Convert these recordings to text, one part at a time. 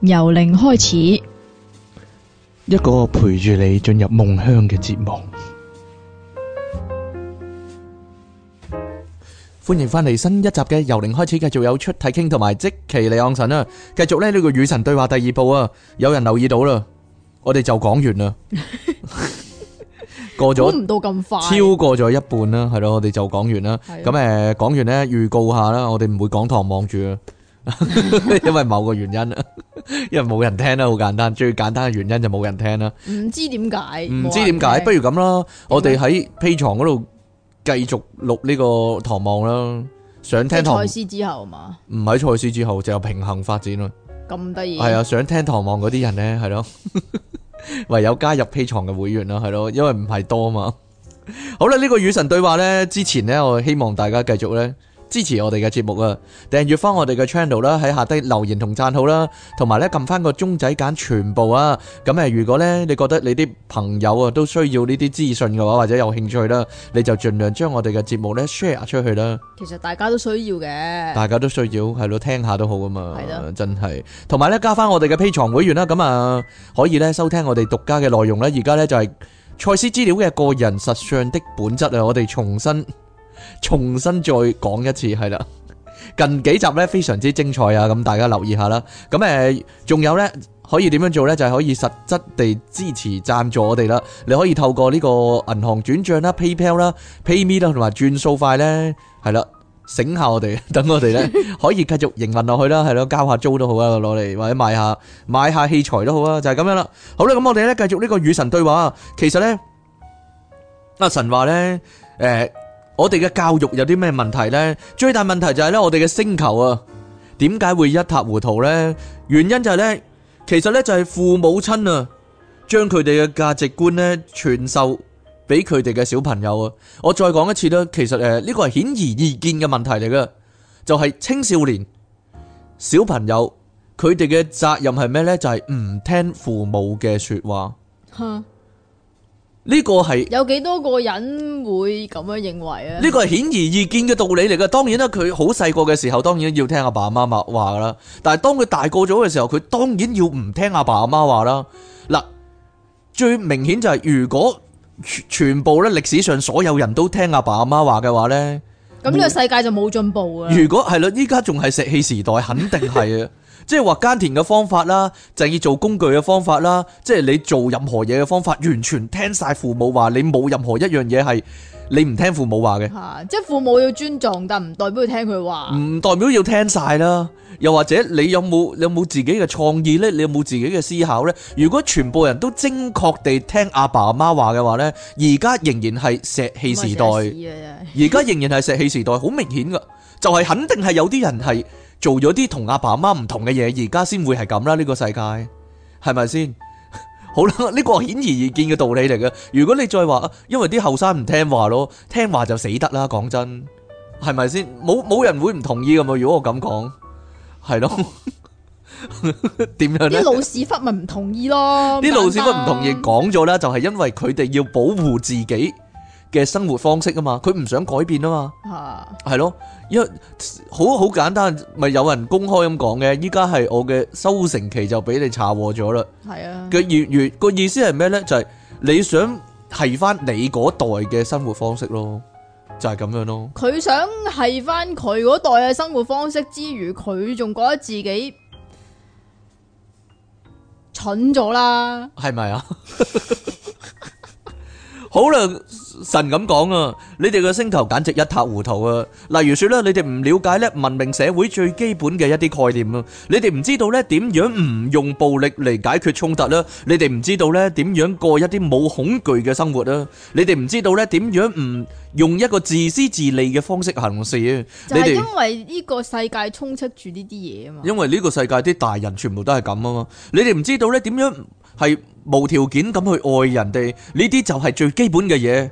由零開始，一個陪住你進入夢鄉嘅節目。歡迎翻嚟新一集嘅由零開始，繼續有出體傾同埋即期李昂神啦。繼續咧呢個與神對話第二部啊，有人留意到啦，我哋就講完啦，過咗唔到咁快，超過咗一半啦，係咯，我哋就講完啦。咁誒，講完呢，預告下啦，我哋唔會講堂望住啊。 因為某個原因啊，因為冇人聽啦，好簡單，最簡單嘅原因就冇人聽啦。唔知點解？唔知點解？不如咁啦，我哋喺 P 床嗰度繼續錄呢個唐望啦。想聽賽事之後嘛？唔喺賽事之後就有平衡發展咯。咁得意？係啊，想聽唐望嗰啲人咧，係咯， 唯有加入 P 床嘅會員啦，係咯，因為唔係多嘛。好啦，呢、這個與神對話咧，之前咧，我希望大家繼續咧。支持我哋嘅節目啊！訂閱翻我哋嘅 channel 啦，喺下低留言同贊好啦，同埋咧撳翻個鐘仔揀全部啊！咁誒，如果咧你覺得你啲朋友啊都需要呢啲資訊嘅話，或者有興趣啦，你就盡量將我哋嘅節目咧 share 出去啦。其實大家都需要嘅，大家都需要係咯，聽下都好啊嘛，係啦，真係。同埋咧加翻我哋嘅 Patreon 會員啦，咁啊可以咧收聽我哋獨家嘅內容啦。而家咧就係、是、賽斯資料嘅個人實相的本質啊！我哋重新。重新再講一次係啦，近幾集咧非常之精彩啊！咁大家留意下啦。咁誒，仲有咧可以點樣做咧？就係、是、可以實質地支持贊助我哋啦。你可以透過呢個銀行轉賬啦、PayPal 啦 Pay、PayMe 啦，同埋轉數快咧，係啦，醒下我哋，等我哋咧可以繼續營運落去啦。係咯，交下租都好啊，攞嚟或者買下買下器材都好啊，就係、是、咁樣啦。好啦，咁我哋咧繼續呢個與神對話。其實咧阿神話咧，誒、呃。我哋嘅教育有啲咩問題呢？最大問題就係咧，我哋嘅星球啊，點解會一塌糊塗呢？原因就係呢，其實呢，就係父母親啊，將佢哋嘅價值觀咧傳授俾佢哋嘅小朋友啊。我再講一次啦，其實誒呢個係顯而易見嘅問題嚟㗎，就係青少年小朋友佢哋嘅責任係咩呢？就係唔聽父母嘅說話。呢個係有幾多個人會咁樣認為啊？呢個係顯而易見嘅道理嚟噶。當然啦，佢好細個嘅時候，當然要聽阿爸阿媽嘛話噶啦。但係當佢大個咗嘅時候，佢當然要唔聽阿爸阿媽話啦。嗱，最明顯就係、是、如果全，全部咧歷史上所有人都聽阿爸阿媽話嘅話呢，咁呢個世界就冇進步啊！如果係啦，依家仲係石器時代，肯定係啊！ 即係話耕田嘅方法啦，就係要做工具嘅方法啦。即係你做任何嘢嘅方法，完全聽晒父母話，你冇任何一樣嘢係你唔聽父母話嘅，啊。即係父母要尊重，但唔代、嗯、唔代表要聽佢話。唔代表要聽晒啦，又或者你有冇有冇自己嘅創意呢？你有冇自己嘅思考呢？如果全部人都精確地聽阿爸阿媽話嘅話呢，而家仍然係石器時代。而家仍然係石器時代，好 明顯噶，就係、是、肯定係有啲人係。做咗啲同阿爸阿媽唔同嘅嘢，而家先會係咁啦，呢個世界係咪先？好啦，呢個顯而易見嘅道理嚟嘅。如果你再話，因為啲後生唔聽話咯，聽話就死得啦，講真，係咪先？冇冇人會唔同意噶嘛？如果我咁講，係咯，點 樣咧？啲老屎忽咪唔同意咯，啲老屎忽唔同意講咗咧，就係因為佢哋要保護自己。嘅生活方式啊嘛，佢唔想改變啊嘛，係咯，因為好好簡單，咪有人公開咁講嘅。依家係我嘅收成期就俾你查獲咗啦。係啊，佢月月個意思係咩咧？就係你想係翻你嗰代嘅生活方式咯，就係咁樣咯。佢想係翻佢嗰代嘅生活方式之餘，佢仲覺得自己蠢咗啦，係咪啊？好啦，神咁講啊，你哋個星球簡直一塌糊塗啊！例如說咧，你哋唔了解咧文明社會最基本嘅一啲概念啊，你哋唔知道咧點樣唔用暴力嚟解決衝突啦，你哋唔知道咧點樣過一啲冇恐懼嘅生活啦，你哋唔知道咧點樣唔用一個自私自利嘅方式行事啊！你哋就係因為呢個世界充斥住呢啲嘢啊嘛，因為呢個世界啲大人全部都係咁啊嘛，你哋唔知道咧點樣？係無條件咁去愛人哋，呢啲就係最基本嘅嘢，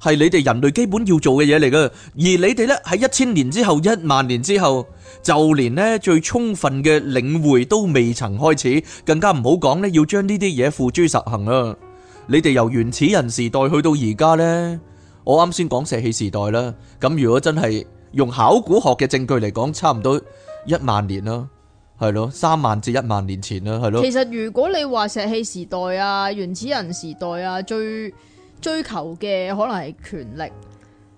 係你哋人類基本要做嘅嘢嚟噶。而你哋呢，喺一千年之後、一萬年之後，就連呢最充分嘅領會都未曾開始，更加唔好講呢要將呢啲嘢付諸實行啦。你哋由原始人時代去到而家呢，我啱先講石器時代啦。咁如果真係用考古學嘅證據嚟講，差唔多一萬年啦。係咯，三萬至一萬年前啦，係咯。其實如果你話石器時代啊、原始人時代啊，最追求嘅可能係權力，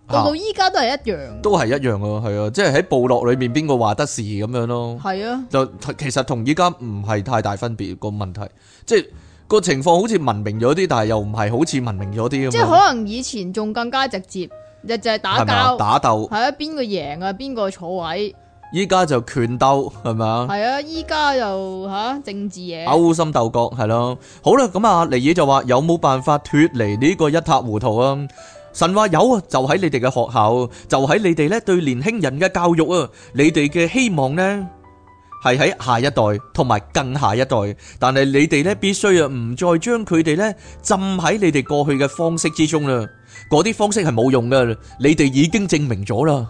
到到依家都係一樣啊。都係一樣咯，係啊，即係喺部落裏面邊個話得事咁樣咯。係啊，就其實同依家唔係太大分別，個問題，即係個情況好似文明咗啲，但係又唔係好似文明咗啲。即係可能以前仲更加直接，就就係打交打鬥，係啊，邊個贏啊，邊個坐位。依家就拳鬥係咪啊？係啊，依家就吓政治嘢，勾心鬥角係咯。好啦，咁啊，尼爾就話有冇辦法脫離呢個一塌糊塗啊？神話有啊，就喺你哋嘅學校，就喺你哋咧對年輕人嘅教育啊，你哋嘅希望咧係喺下一代同埋更下一代，但係你哋咧必須啊唔再將佢哋咧浸喺你哋過去嘅方式之中啦，嗰啲方式係冇用噶，你哋已經證明咗啦。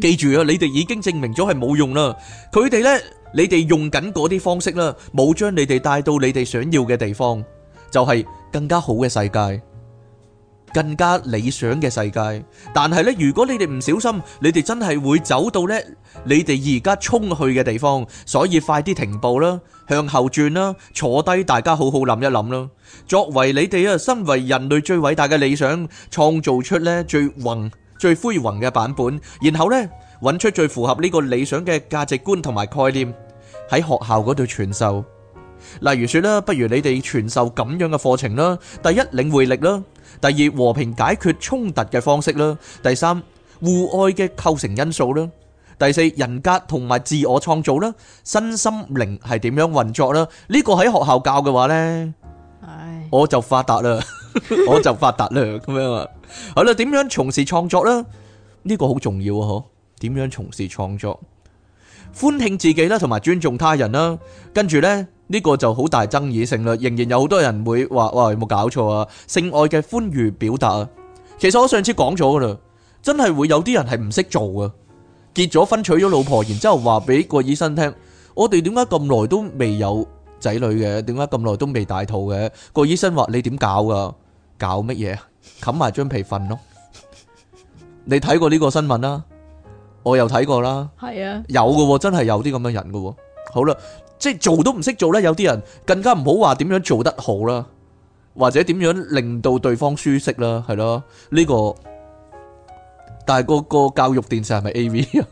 記住啊！你哋已經證明咗係冇用啦。佢哋呢，你哋用緊嗰啲方式啦，冇將你哋帶到你哋想要嘅地方，就係更加好嘅世界，更加理想嘅世界。但係呢，如果你哋唔小心，你哋真係會走到呢，你哋而家衝去嘅地方。所以快啲停步啦，向後轉啦，坐低，大家好好諗一諗啦。作為你哋啊，身為人類最偉大嘅理想，創造出呢最宏。最輝煌嘅版本，然後呢揾出最符合呢個理想嘅價值觀同埋概念，喺學校嗰度傳授。例如說啦，不如你哋傳授咁樣嘅課程啦，第一領會力啦，第二和平解決衝突嘅方式啦，第三互愛嘅構成因素啦，第四人格同埋自我創造啦，身心靈係點樣運作啦？呢個喺學校教嘅話呢，我就發達啦。我就發達啦，咁樣啊，好啦，點樣從事創作呢？呢個好重要啊，嗬？點樣從事創作？歡慶自己啦，同埋尊重他人啦。跟住呢，呢個就好大爭議性啦。仍然有好多人會話：，哇，有冇搞錯啊？性愛嘅歡愉表達啊？其實我上次講咗噶啦，真係會有啲人係唔識做啊。結咗婚娶咗老婆，然之後話俾個醫生聽：，我哋點解咁耐都未有仔女嘅？點解咁耐都未大肚嘅？個醫生話：你點搞噶？搞乜嘢啊？冚埋張被瞓咯！你睇過呢個新聞啦，我又睇過啦。係啊，有嘅喎，真係有啲咁嘅人嘅喎。好啦，即係做都唔識做啦，有啲人更加唔好話點樣做得好啦，或者點樣令到對方舒適啦，係咯呢個。但係個個教育電視係咪 AV 啊？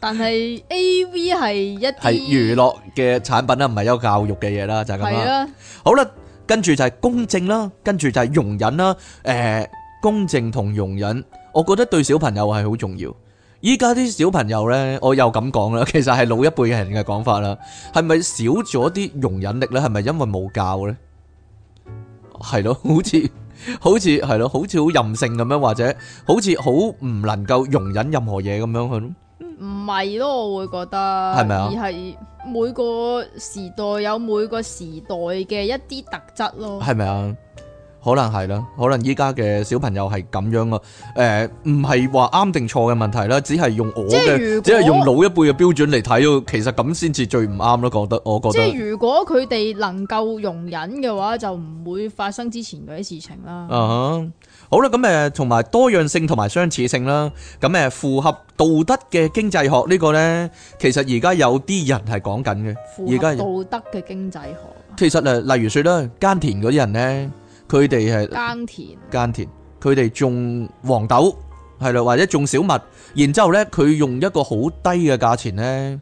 但係 AV 係一係娛樂嘅產品啦，唔係有教育嘅嘢啦，就係咁啦。好啦。跟住就係公正啦，跟住就係容忍啦。誒，公正同容忍，我覺得對小朋友係好重要。依家啲小朋友咧，我又咁講啦，其實係老一輩嘅人嘅講法啦。係咪少咗啲容忍力咧？係咪因為冇教咧？係咯，好似好似係咯，好似好任性咁樣，或者好似好唔能夠容忍任何嘢咁樣去。唔係咯，我會覺得係咪啊？而係。每個時代有每個時代嘅一啲特質咯，係咪啊？可能係啦，可能依家嘅小朋友係咁樣啊。誒、呃，唔係話啱定錯嘅問題啦，只係用我嘅，只係用老一輩嘅標準嚟睇咯。其實咁先至最唔啱咯，覺得，我覺得。即係如果佢哋能夠容忍嘅話，就唔會發生之前嗰啲事情啦。啊、uh！Huh. 好啦，咁誒同埋多樣性同埋相似性啦，咁誒符合道德嘅經濟學呢個咧，其實而家有啲人係講緊嘅，而家道德嘅經濟學。其實誒，例如説咧，耕田嗰啲人咧，佢哋係耕田，耕田，佢哋種黃豆，係啦，或者種小麥，然之後咧，佢用一個好低嘅價錢咧，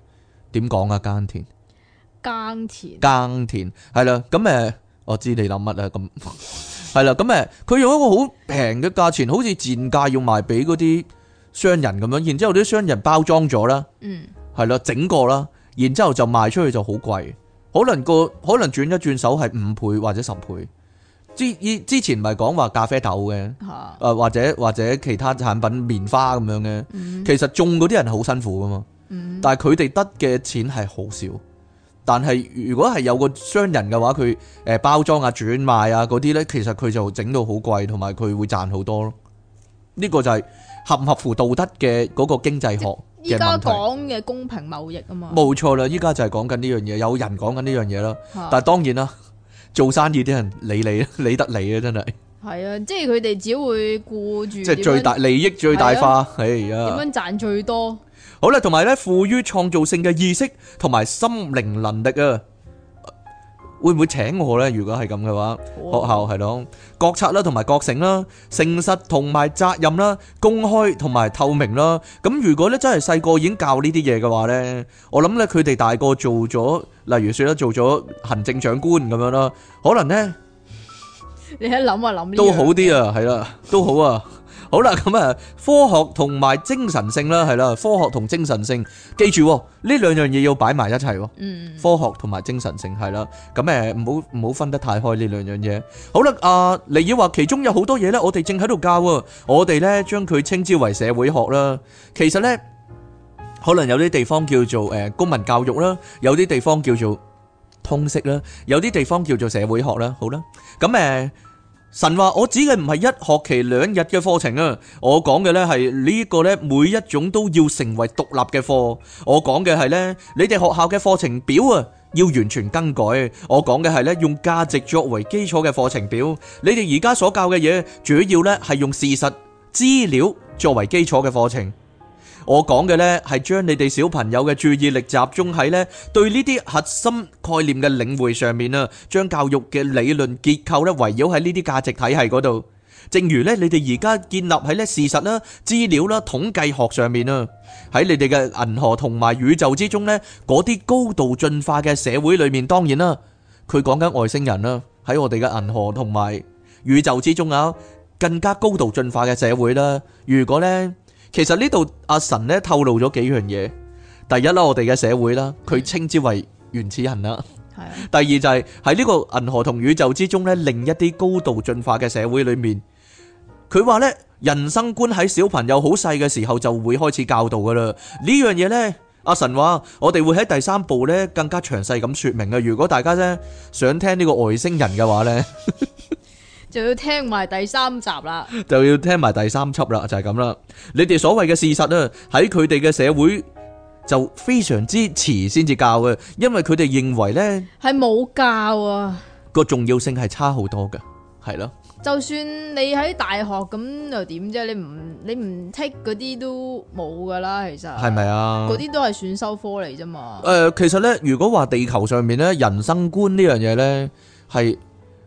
點講啊，耕田，耕田，耕田，係啦，咁誒，我知你諗乜啦，咁。 係啦，咁誒，佢用一個好平嘅價錢，好似賤價要賣俾嗰啲商人咁樣，然之後啲商人包裝咗啦，係啦、嗯，整個啦，然之後就賣出去就好貴，可能個可能轉一轉手係五倍或者十倍。之之之前咪講話咖啡豆嘅，誒、啊、或者或者其他產品棉花咁樣嘅，嗯、其實種嗰啲人好辛苦噶嘛，嗯、但係佢哋得嘅錢係好少。但係如果係有個商人嘅話，佢誒包裝啊、轉賣啊嗰啲呢，其實佢就整到好貴，同埋佢會賺好多咯。呢、呢個就係合唔合乎道德嘅嗰個經濟學嘅問題。依家講嘅公平貿易啊嘛。冇錯啦，依家就係講緊呢樣嘢，有人講緊呢樣嘢啦。的但係當然啦，做生意啲人理你理，理得你啊，真係。係啊，即係佢哋只會顧住。即係最大利益最大化，係啊的。點樣賺最多？好啦，同埋咧，富於創造性嘅意識同埋心靈能力啊，會唔會請我咧？如果係咁嘅話，學校係咯，國策啦，同埋覺醒啦，誠實同埋責任啦，公開同埋透明啦。咁如果咧真係細個已經教呢啲嘢嘅話咧，我諗咧佢哋大個做咗，例如說咧做咗行政長官咁樣啦，可能咧，你一諗啊諗，都好啲啊，係啦，都好啊。好啦，咁啊，科學同埋精神性啦，係啦，科學同精神性，記住呢兩樣嘢，要擺埋一齊。嗯，科學同埋精神性係啦，咁誒，唔好唔好分得太開呢兩樣嘢。好啦，阿尼爾話其中有好多嘢咧，我哋正喺度教，我哋咧將佢稱之為社會學啦。其實咧，可能有啲地方叫做誒公民教育啦，有啲地方叫做通識啦，有啲地方叫做社會學啦。好啦，咁誒。神話我指嘅，唔係一學期兩日嘅課程啊，我講嘅咧係呢個咧每一種都要成為獨立嘅課。我講嘅係咧你哋學校嘅課程表啊，要完全更改。我講嘅係咧用價值作為基礎嘅課程表。你哋而家所教嘅嘢，主要咧係用事實資料作為基礎嘅課程。我講嘅呢係將你哋小朋友嘅注意力集中喺呢對呢啲核心概念嘅領會上面啊，將教育嘅理論結構呢圍繞喺呢啲價值體系嗰度，正如呢你哋而家建立喺呢事實啦、資料啦、統計學上面啊，喺你哋嘅銀河同埋宇宙之中呢，嗰啲高度進化嘅社會裏面，當然啦，佢講緊外星人啦，喺我哋嘅銀河同埋宇宙之中啊，更加高度進化嘅社會啦，如果呢。其實呢度阿神咧透露咗幾樣嘢，第一啦，我哋嘅社會啦，佢稱之為原始人啦。係。第二就係喺呢個銀河同宇宙之中咧，另一啲高度進化嘅社會裏面，佢話咧人生觀喺小朋友好細嘅時候就會開始教導噶啦。呢樣嘢咧，阿神話我哋會喺第三部咧更加詳細咁說明啊！如果大家咧想聽呢個外星人嘅話咧。 就要聽埋第三集啦，就要聽埋第三輯啦，就係咁啦。你哋所謂嘅事實咧，喺佢哋嘅社會就非常之遲先至教嘅，因為佢哋認為咧係冇教啊，個重要性係差好多嘅，係咯。就算你喺大學咁又點啫？你唔你唔 tick 嗰啲都冇噶啦，其實係咪啊？嗰啲都係選修科嚟啫嘛。誒、呃，其實咧，如果話地球上面咧，人生觀呢樣嘢咧係。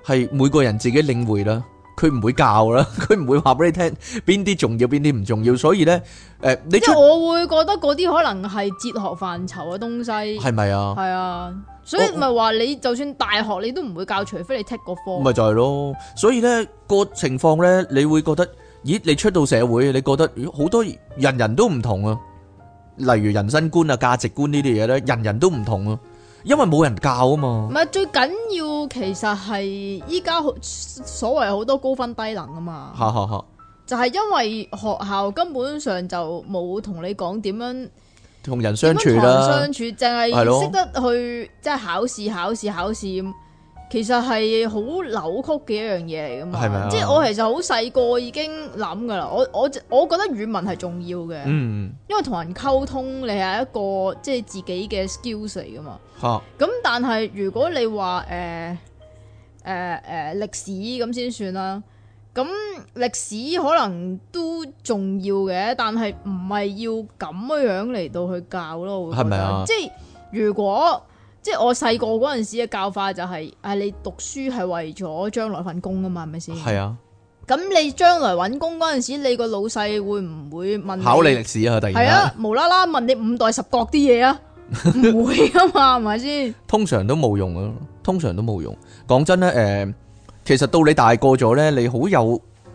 係每個人自己領會啦，佢唔會教啦，佢唔會話俾你聽邊啲重要邊啲唔重要，所以咧，誒，你即係我會覺得嗰啲可能係哲學範疇嘅東西，係咪啊？係啊，所以咪話你就算大學你都唔會教，除非你 take 個科，咪就係咯。所以咧個情況咧，你會覺得，咦？你出到社會，你覺得好多人人都唔同啊，例如人生觀啊、價值觀呢啲嘢咧，人人都唔同啊。因為冇人教啊嘛，唔係最緊要，其實係依家所謂好多高分低能啊嘛， 就係因為學校根本上就冇同你講點樣同 人相處啦，相處淨係識得去即係考試考試考試。其實係好扭曲嘅一樣嘢嚟噶嘛，係咪啊？即係我其實好細個已經諗噶啦。我我我覺得語文係重要嘅，嗯、因為同人溝通你係一個即係自己嘅 skills 嚟噶嘛。嚇、啊！咁但係如果你話誒誒誒歷史咁先算啦，咁歷史可能都重要嘅，但係唔係要咁嘅樣嚟到去教咯。係咪啊？即係如果。即係我細個嗰陣時嘅教法就係，誒，你讀書係為咗將來份工噶嘛，係咪先？係啊，咁你將來揾工嗰陣時，你個老細會唔會問你考你歷史啊？突然係啊，無啦啦問你五代十國啲嘢啊，唔 會噶嘛，係咪先？通常都冇用啊，通常都冇用。講真咧，誒，其實到你大個咗咧，你好有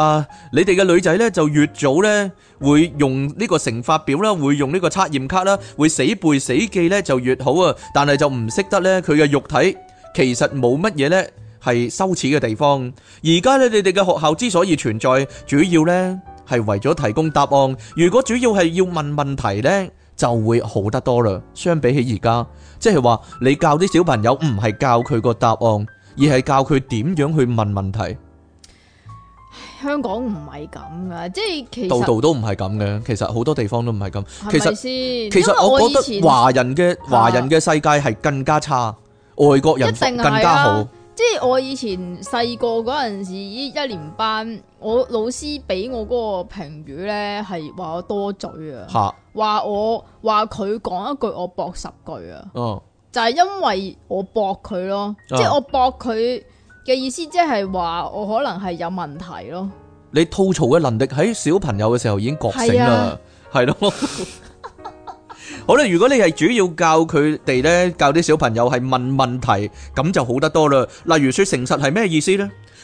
啊！你哋嘅女仔呢，就越早呢會用呢個乘法表啦，會用呢個測驗卡啦，會死背死記呢就越好啊！但係就唔識得呢，佢嘅肉體其實冇乜嘢呢係羞恥嘅地方。而家呢，你哋嘅學校之所以存在，主要呢係為咗提供答案。如果主要係要問問題呢，就會好得多啦。相比起而家，即係話你教啲小朋友唔係教佢個答案，而係教佢點樣去問問題。香港唔係咁噶，即係其實度度都唔係咁嘅，其實好多地方都唔係咁。係咪先？其實我以前，我覺得華人嘅華、啊、人嘅世界係更加差，啊、外國人一定更加好。啊、即係我以前細個嗰陣時，一一年班，我老師俾我嗰個評語咧，係話我多嘴啊，話我話佢講一句，我駁十句啊。嗯，就係因為我駁佢咯，啊、即係我駁佢。嘅意思即係話我可能係有問題咯。你吐槽嘅能力喺小朋友嘅時候已經覺醒啦，係咯。好啦，如果你係主要教佢哋咧，教啲小朋友係問問題，咁就好得多啦。例如說誠實係咩意思呢？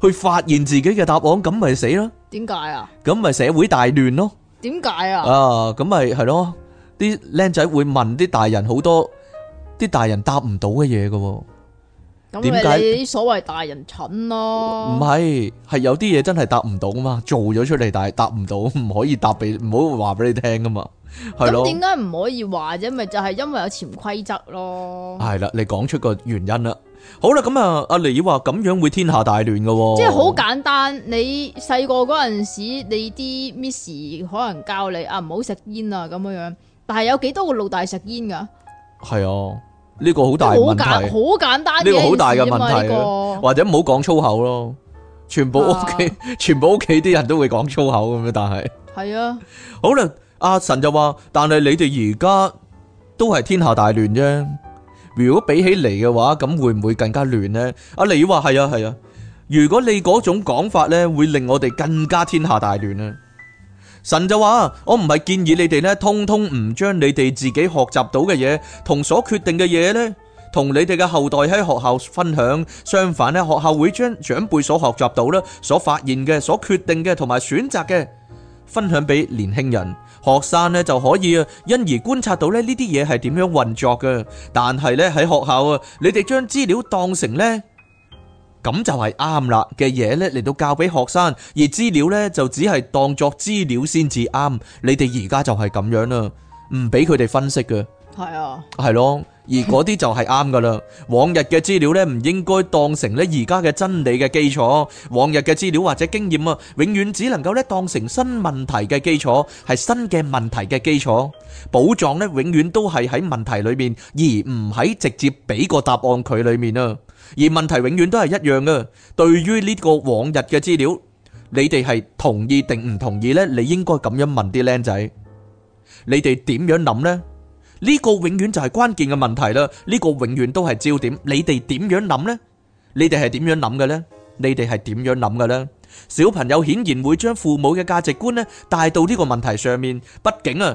去發現自己嘅答案，咁咪死咯？點解啊？咁咪社會大亂咯？點解啊？啊，咁咪係咯？啲僆仔會問啲大人好多，啲大人答唔到嘅嘢㗎。咁點解啲所謂大人蠢咯？唔係，係有啲嘢真係答唔到啊嘛，做咗出嚟，但係答唔到，唔可以答俾唔好話俾你聽㗎嘛。係咯？點解唔可以話啫？咪就係因為有潛規則咯。係啦，你講出個原因啦。好啦，咁啊，阿李話咁樣會天下大亂噶，哦，即係好簡單。你細個嗰陣時，你啲 miss 可能教你啊，唔好食煙啊咁樣樣，但係有幾多個老大食煙噶？係啊，呢、呢個好大問題。好簡，簡單呢，啊呢個好大嘅問題，或者唔好講粗口咯。全部屋企，啊、全部屋企啲人都會講粗口咁樣，但係係是啊。好啦，阿神就話，但係你哋而家都係天下大亂啫。如果比起嚟嘅話，咁會唔會更加亂呢？阿你話係啊係啊，如果你嗰種講法呢，會令我哋更加天下大亂啊！神就話：我唔係建議你哋呢，通通唔將你哋自己學習到嘅嘢，同所決定嘅嘢呢，同你哋嘅後代喺學校分享。相反呢，學校會將長輩所學習到啦，所發現嘅，所決定嘅，同埋選擇嘅，分享俾年輕人。學生咧就可以，因而觀察到咧呢啲嘢係點樣運作嘅。但係咧喺學校啊，你哋將資料當成咧，咁就係啱啦嘅嘢咧嚟到教俾學生，而資料咧就只係當作資料先至啱。你哋而家就係咁樣啦，唔俾佢哋分析嘅。係啊，係咯，而嗰啲就係啱噶啦。往日嘅資料咧，唔應該當成咧而家嘅真理嘅基礎。往日嘅資料或者經驗啊，永遠只能夠咧當成新問題嘅基礎，係新嘅問題嘅基礎。寶藏咧，永遠都係喺問題裏面，而唔係直接俾個答案佢裏面啊。而問題永遠都係一樣噶。對於呢個往日嘅資料，你哋係同意定唔同意咧？你應該咁樣問啲靚仔，你哋點樣諗咧？呢個永遠就係關鍵嘅問題啦，呢個永遠都係焦點。你哋點樣諗呢？你哋係點樣諗嘅呢？你哋係點樣諗嘅呢？小朋友顯然會將父母嘅價值觀咧帶到呢個問題上面。畢竟啊，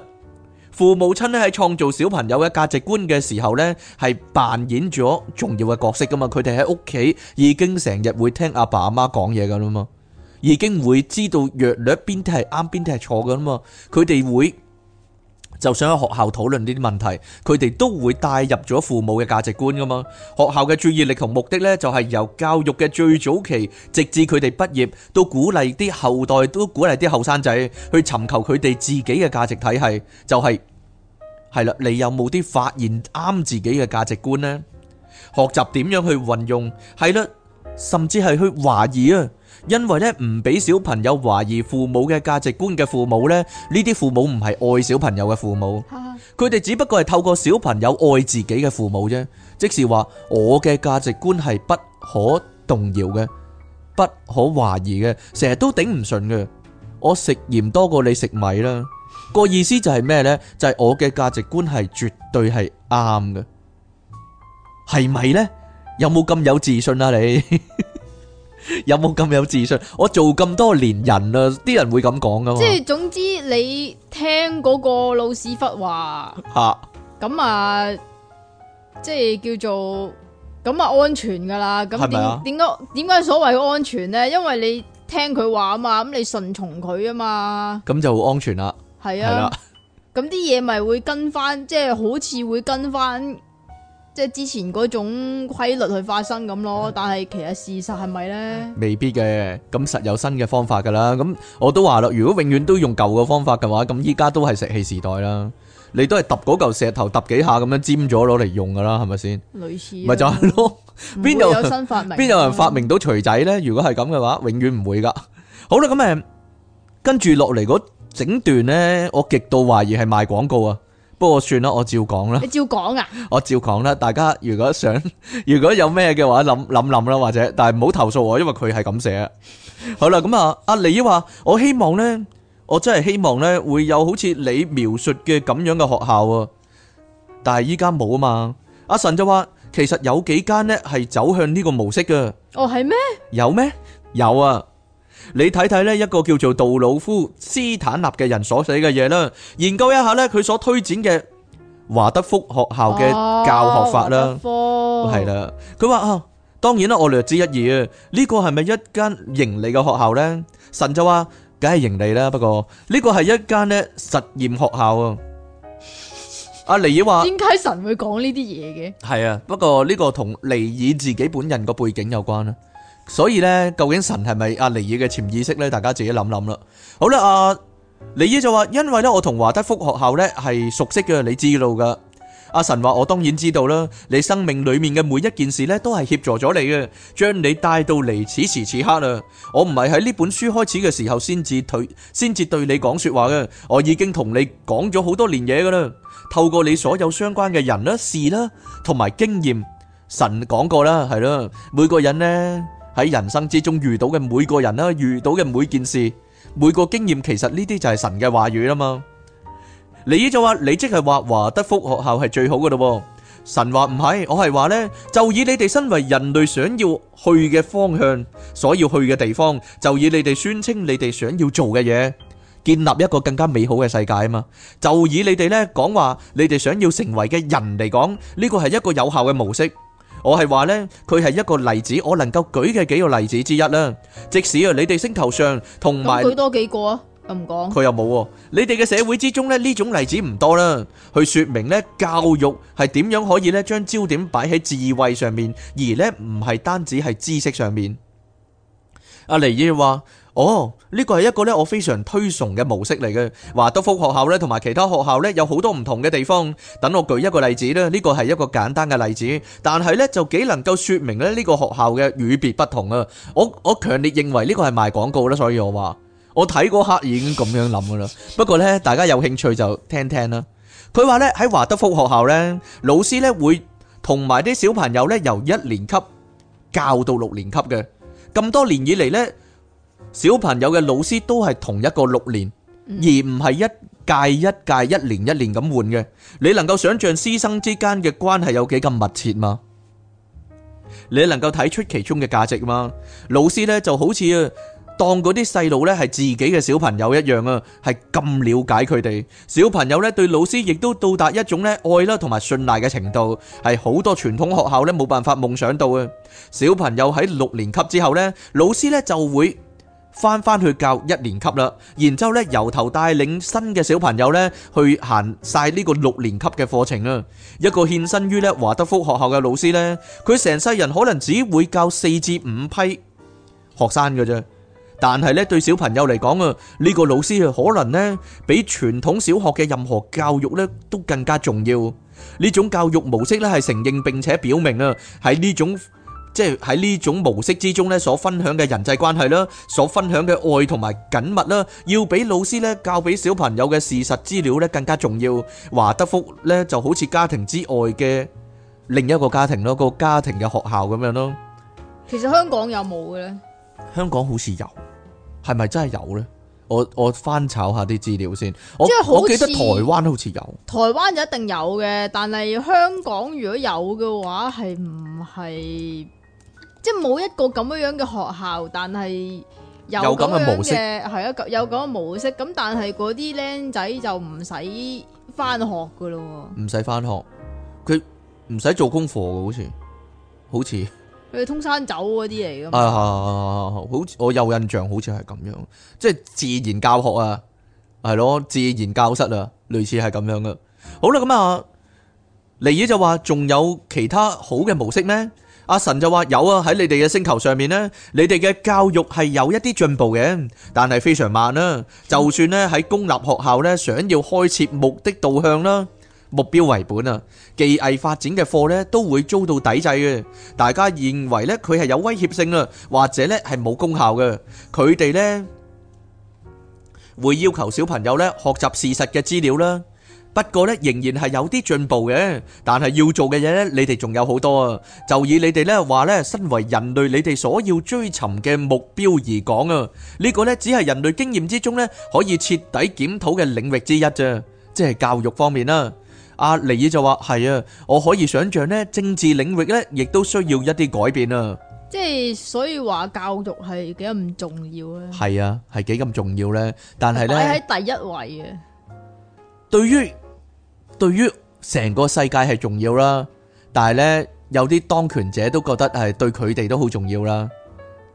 父母親咧喺創造小朋友嘅價值觀嘅時候呢，係扮演咗重要嘅角色噶嘛。佢哋喺屋企已經成日會聽阿爸阿媽講嘢噶啦嘛，已經會知道約略邊啲係啱，邊啲係錯噶啦嘛。佢哋會。就想喺學校討論呢啲問題，佢哋都會帶入咗父母嘅價值觀噶嘛？學校嘅注意力同目的呢，就係由教育嘅最早期，直至佢哋畢業，都鼓勵啲後代，都鼓勵啲後生仔去尋求佢哋自己嘅價值體系。就係係啦，你有冇啲發現啱自己嘅價值觀呢？學習點樣去運用？係啦，甚至係去懷疑啊！因為咧，唔俾小朋友懷疑父母嘅價值觀嘅父母呢，呢啲父母唔係愛小朋友嘅父母，佢哋只不過係透過小朋友愛自己嘅父母啫。即是話我嘅價值觀係不可動搖嘅，不可懷疑嘅，成日都頂唔順嘅。我食鹽多過你食米啦，個意思就係咩呢？就係、是、我嘅價值觀係絕對係啱嘅，係咪呢？有冇咁有，有自信啊你？ 有冇咁有，有自信？我做咁多年人啦、啊，啲人會咁講噶嘛？即係總之，你聽嗰個老屎忽話吓，咁 啊，即係叫做咁啊，安全噶啦。咁點點解點解所謂安全咧？因為你聽佢話啊嘛，咁你順從佢啊嘛，咁 就安全啦。係啊，咁啲嘢咪會跟翻，即係好似會跟翻。即係之前嗰種規律去發生咁咯，但係其實事實係咪咧？未必嘅，咁實有新嘅方法噶啦。咁我都話啦，如果永遠都用舊嘅方法嘅話，咁依家都係石器時代啦。你都係揼嗰嚿石頭揼幾下咁樣尖咗攞嚟用噶啦，係咪先？類似。咪就係咯，邊度有新發明？邊有邊有人發明到錘仔咧？如果係咁嘅話，永遠唔會噶。好啦，咁誒，跟住落嚟嗰整段咧，我極度懷疑係賣廣告啊！不過算啦，我照講啦。你照講啊？我照講啦，大家如果想如果有咩嘅話諗諗諗啦，或者但係唔好投訴我，因為佢係咁寫。好啦，咁啊，阿李話我希望咧，我真係希望咧會有好似你描述嘅咁樣嘅學校啊，但係依家冇啊嘛。阿神就話其實有幾間咧係走向呢個模式嘅。哦，係咩？有咩？有啊。你睇睇呢一個叫做杜魯夫斯坦納嘅人所寫嘅嘢啦，研究一下呢，佢所推展嘅華德福學校嘅教學法啦，係啦、啊，佢話啊，當然啦，我略知一二啊，呢、這個係咪一間盈利嘅學校呢？神就話，梗係盈利啦，不過呢、這個係一間咧實驗學校啊。阿尼爾話，點解神會講呢啲嘢嘅？係啊，不過呢個同尼爾自己本人個背景有關啦。所以咧，究竟神係咪阿尼爾嘅潛意識咧？大家自己諗諗啦。好啦，啊，阿尼爾就話，因為咧，我同華德福學校咧係熟悉嘅，你知道噶。阿、啊、神話，我當然知道啦。你生命裏面嘅每一件事咧，都係協助咗你嘅，將你帶到嚟此時此刻啦。我唔係喺呢本書開始嘅時候先至對先至對你講說話嘅，我已經同你講咗好多年嘢噶啦。透過你所有相關嘅人啦、事啦，同埋經驗，神講過啦，係咯，每個人呢。」喺人生之中遇到嘅每個人啦，遇到嘅每件事，每個經驗，其實呢啲就係神嘅話語啊嘛。你就話，你即係話華德福學校係最好嘅咯。神話唔係，我係話呢，就以你哋身為人類想要去嘅方向，所要去嘅地方，就以你哋宣稱你哋想要做嘅嘢，建立一個更加美好嘅世界啊嘛。就以你哋呢講話，你哋想要成為嘅人嚟講，呢個係一個有效嘅模式。我係話呢，佢係一個例子，我能夠舉嘅幾個例子之一啦。即使啊，你哋星球上同埋，咁舉多幾個啊？唔講，佢又冇喎。你哋嘅社會之中咧，呢種例子唔多啦。去說明呢教育係點樣可以咧，將焦點擺喺智慧上面，而呢唔係單止係知識上面。 阿尼爾話。哦，呢個係一個咧我非常推崇嘅模式嚟嘅。華德福學校咧同埋其他學校咧有好多唔同嘅地方。等我舉一個例子啦，呢個係一個簡單嘅例子，但係咧就幾能夠說明咧呢個學校嘅與別不同啊。我我強烈認為呢個係賣廣告啦，所以我話我睇嗰刻已經咁樣諗噶啦。不過咧大家有興趣就聽聽啦。佢話咧喺華德福學校咧，老師咧會同埋啲小朋友咧由一年級教到六年級嘅咁多年以嚟咧。小朋友嘅老師都係同一個六年，而唔係一屆一屆，一年一年咁換嘅。你能夠想象，師生之間嘅關係有幾咁密切嗎？你能夠睇出其中嘅價值嗎？老師呢就好似啊當嗰啲細路呢係自己嘅小朋友一樣啊，係咁了解佢哋。小朋友呢對老師亦都到達一種呢愛啦同埋信賴嘅程度，係好多傳統學校呢冇辦法夢想到嘅。小朋友喺六年級之後呢，老師呢就會。翻翻去教一年級啦，然之後咧，由頭帶領新嘅小朋友咧，去行晒呢個六年級嘅課程啊！一個獻身於咧華德福學校嘅老師咧，佢成世人可能只會教四至五批學生㗎啫，但係咧，對小朋友嚟講啊，呢個老師啊可能咧比傳統小學嘅任何教育咧都更加重要。呢種教育模式咧係承認並且表明啊喺呢種。即係喺呢種模式之中咧，所分享嘅人際關係啦，所分享嘅愛同埋緊密啦，要俾老師咧教俾小朋友嘅事實資料咧更加重要。華德福咧就好似家庭之外嘅另一個家庭咯，個家庭嘅學校咁樣咯。其實香港有冇嘅咧？香港好似有，係咪真係有咧？我我翻炒下啲資料先。我我記得台灣好似有，台灣就一定有嘅，但係香港如果有嘅話，係唔係？即係冇一個咁樣樣嘅學校，但係有咁嘅模式，係啊，有咁嘅模式。咁但係嗰啲僆仔就唔使翻學噶咯，唔使翻學，佢唔使做功課嘅，好似，好似佢哋通山走嗰啲嚟噶嘛。好似我有印象，好似係咁樣，即係自然教學啊，係咯，自然教室啊，類似係咁樣嘅。好啦，咁啊，黎姐就話仲有其他好嘅模式咩？阿神就話有啊，喺你哋嘅星球上面呢，你哋嘅教育係有一啲進步嘅，但係非常慢啦。就算呢喺公立學校呢，想要開設目的導向啦、目標為本啊、技藝發展嘅課呢，都會遭到抵制嘅。大家認為呢佢係有威脅性啊，或者呢係冇功效嘅。佢哋呢會要求小朋友呢學習事實嘅資料啦。不過咧，仍然係有啲進步嘅，但係要做嘅嘢咧，你哋仲有好多啊！就以你哋咧話咧，身為人類，你哋所要追尋嘅目標而講啊，呢個咧只係人類經驗之中咧可以徹底檢討嘅領域之一啫，即係教育方面啦。阿尼爾就話：係啊，我可以想象咧，政治領域咧亦都需要一啲改變啊！即係所以話教育係幾咁重要啊？係啊，係幾咁重要咧？但係咧，擺喺第一位嘅，對於。對於成個世界係重要啦，但係呢有啲當權者都覺得係對佢哋都好重要啦，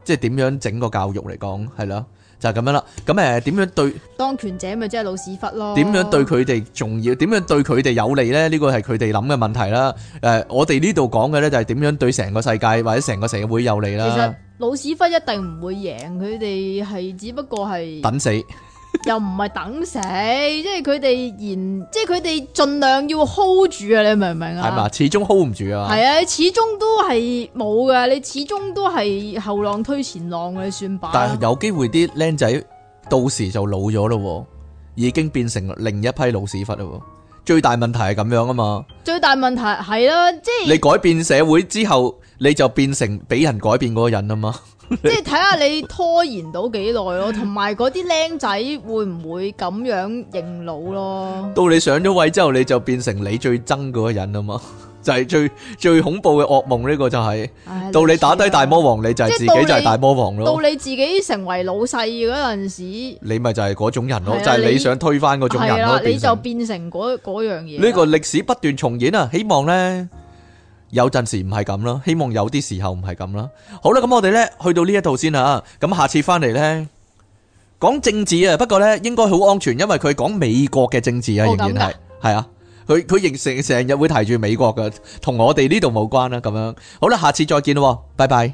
即係點樣整個教育嚟講係咯，就係咁樣啦。咁誒，點樣對當權者咪即係老屎忽咯？點樣對佢哋重要？點樣對佢哋有利呢？呢個係佢哋諗嘅問題啦。誒，我哋呢度講嘅呢就係點樣對成個世界或者成個社會有利啦。其實老屎忽一定唔會贏，佢哋係只不過係等死。又唔係等死，即係佢哋延，即係佢哋盡量要 hold 住啊！你明唔明啊？係嘛，始終 hold 唔住啊！係啊，始終都係冇噶，你始終都係後浪推前浪嘅算罷。但係有機會啲僆仔到時就老咗咯，已經變成另一批老屎忽咯。最大問題係咁樣啊嘛！最大問題係咯，即係你改變社會之後，你就變成俾人改變嗰個人啊嘛。即係睇下你拖延到幾耐咯，同埋嗰啲僆仔會唔會咁樣認老咯？到你上咗位之後，你就變成你最憎嗰個人啊嘛，就係最最恐怖嘅噩夢。呢個就係，到你打低大魔王，你就係自己，就係大魔王咯。到你自己成為老細嗰陣時，你咪就係嗰種人咯，就係你想推翻嗰種人咯。你就變成嗰嗰樣嘢。呢個歷史不斷重演啊！希望咧。有陣時唔係咁啦，希望有啲時候唔係咁啦。好啦，咁我哋呢去到呢一度先啊。咁下次翻嚟呢講政治啊，不過呢應該好安全，因為佢講美國嘅政治啊，仍然係係啊，佢佢成成日會提住美國㗎，同我哋呢度冇關啦。咁樣好啦，下次再見啦，拜拜。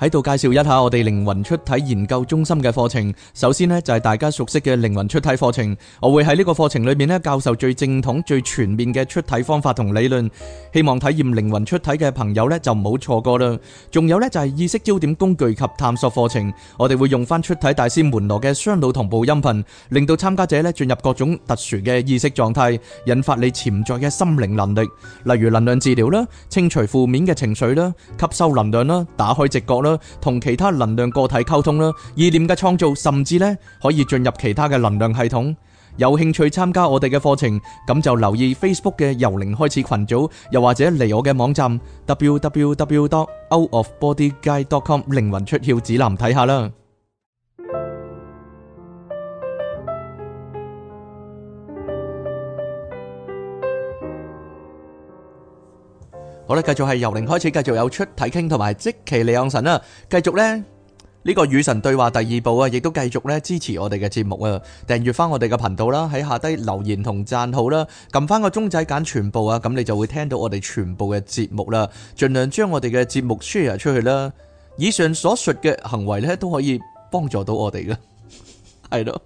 喺度介紹一下我哋靈魂出體研究中心嘅課程。首先呢就係大家熟悉嘅靈魂出體課程，我會喺呢個課程裏面呢教授最正統、最全面嘅出體方法同理論。希望體驗靈魂出體嘅朋友呢就唔好錯過啦。仲有呢就係意識焦點工具及探索課程，我哋會用翻出體大師門羅嘅雙腦同步音頻，令到參加者呢進入各種特殊嘅意識狀態，引發你潛在嘅心靈能力，例如能量治療啦、清除負面嘅情緒啦、吸收能量啦、打開直覺啦。同其他能量個體溝通啦，意念嘅創造，甚至咧可以進入其他嘅能量系統。有興趣參加我哋嘅課程，咁就留意 Facebook 嘅由零開始群組，又或者嚟我嘅網站 www.outofbodyguide.com 靈魂出竅指南睇下啦。我哋繼續係由零開始，繼續有出體傾同埋即期嚟向神啊！繼續咧呢個與神對話第二部啊，亦都繼續咧支持我哋嘅節目啊！訂閱翻我哋嘅頻道啦，喺下低留言同讚好啦，撳翻個鐘仔揀全部啊！咁你就會聽到我哋全部嘅節目啦。盡量將我哋嘅節目 share 出去啦。以上所述嘅行為咧，都可以幫助到我哋噶，係咯。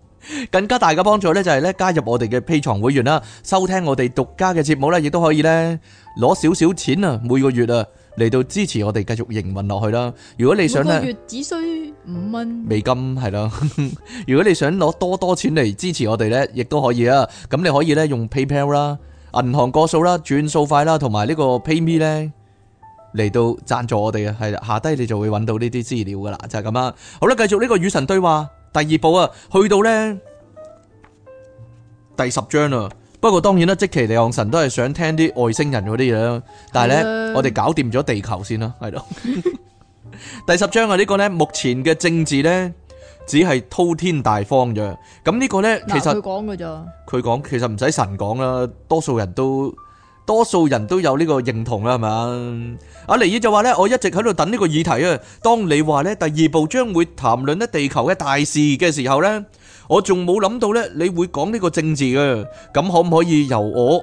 更加大嘅幫助咧，就係咧加入我哋嘅 Patreon 會員啦，收聽我哋獨家嘅節目咧，亦都可以咧。攞少少錢啊，每個月啊嚟到支持我哋繼續營運落去啦。如果你想呢，每月只需五蚊美金係啦。 如果你想攞多多錢嚟支持我哋呢，亦都可以啊。咁你可以呢，用 PayPal 啦、銀行個數啦、轉數快啦，同埋呢個 PayMe 呢，嚟到贊助我哋啊係啦。下低你就會揾到呢啲資料噶啦，就係咁啦。好啦，繼續呢個與神對話第二部啊，去到呢第十章啊。不過當然啦，即其你望神都係想聽啲外星人嗰啲嘢啦，但係咧，我哋搞掂咗地球先啦，係咯。第十章啊，呢個咧，目前嘅政治咧，只係滔天大謊咗。咁呢個咧，其實佢講嘅咋？佢講，其實唔使神講啦，多數人都多數人都有呢個認同啦，係咪啊？阿尼爾就話咧，我一直喺度等呢個議題啊。當你話咧，第二部將會談論得地球嘅大事嘅時候咧。我仲冇諗到呢，你會講呢個政治嘅。咁可唔可以由我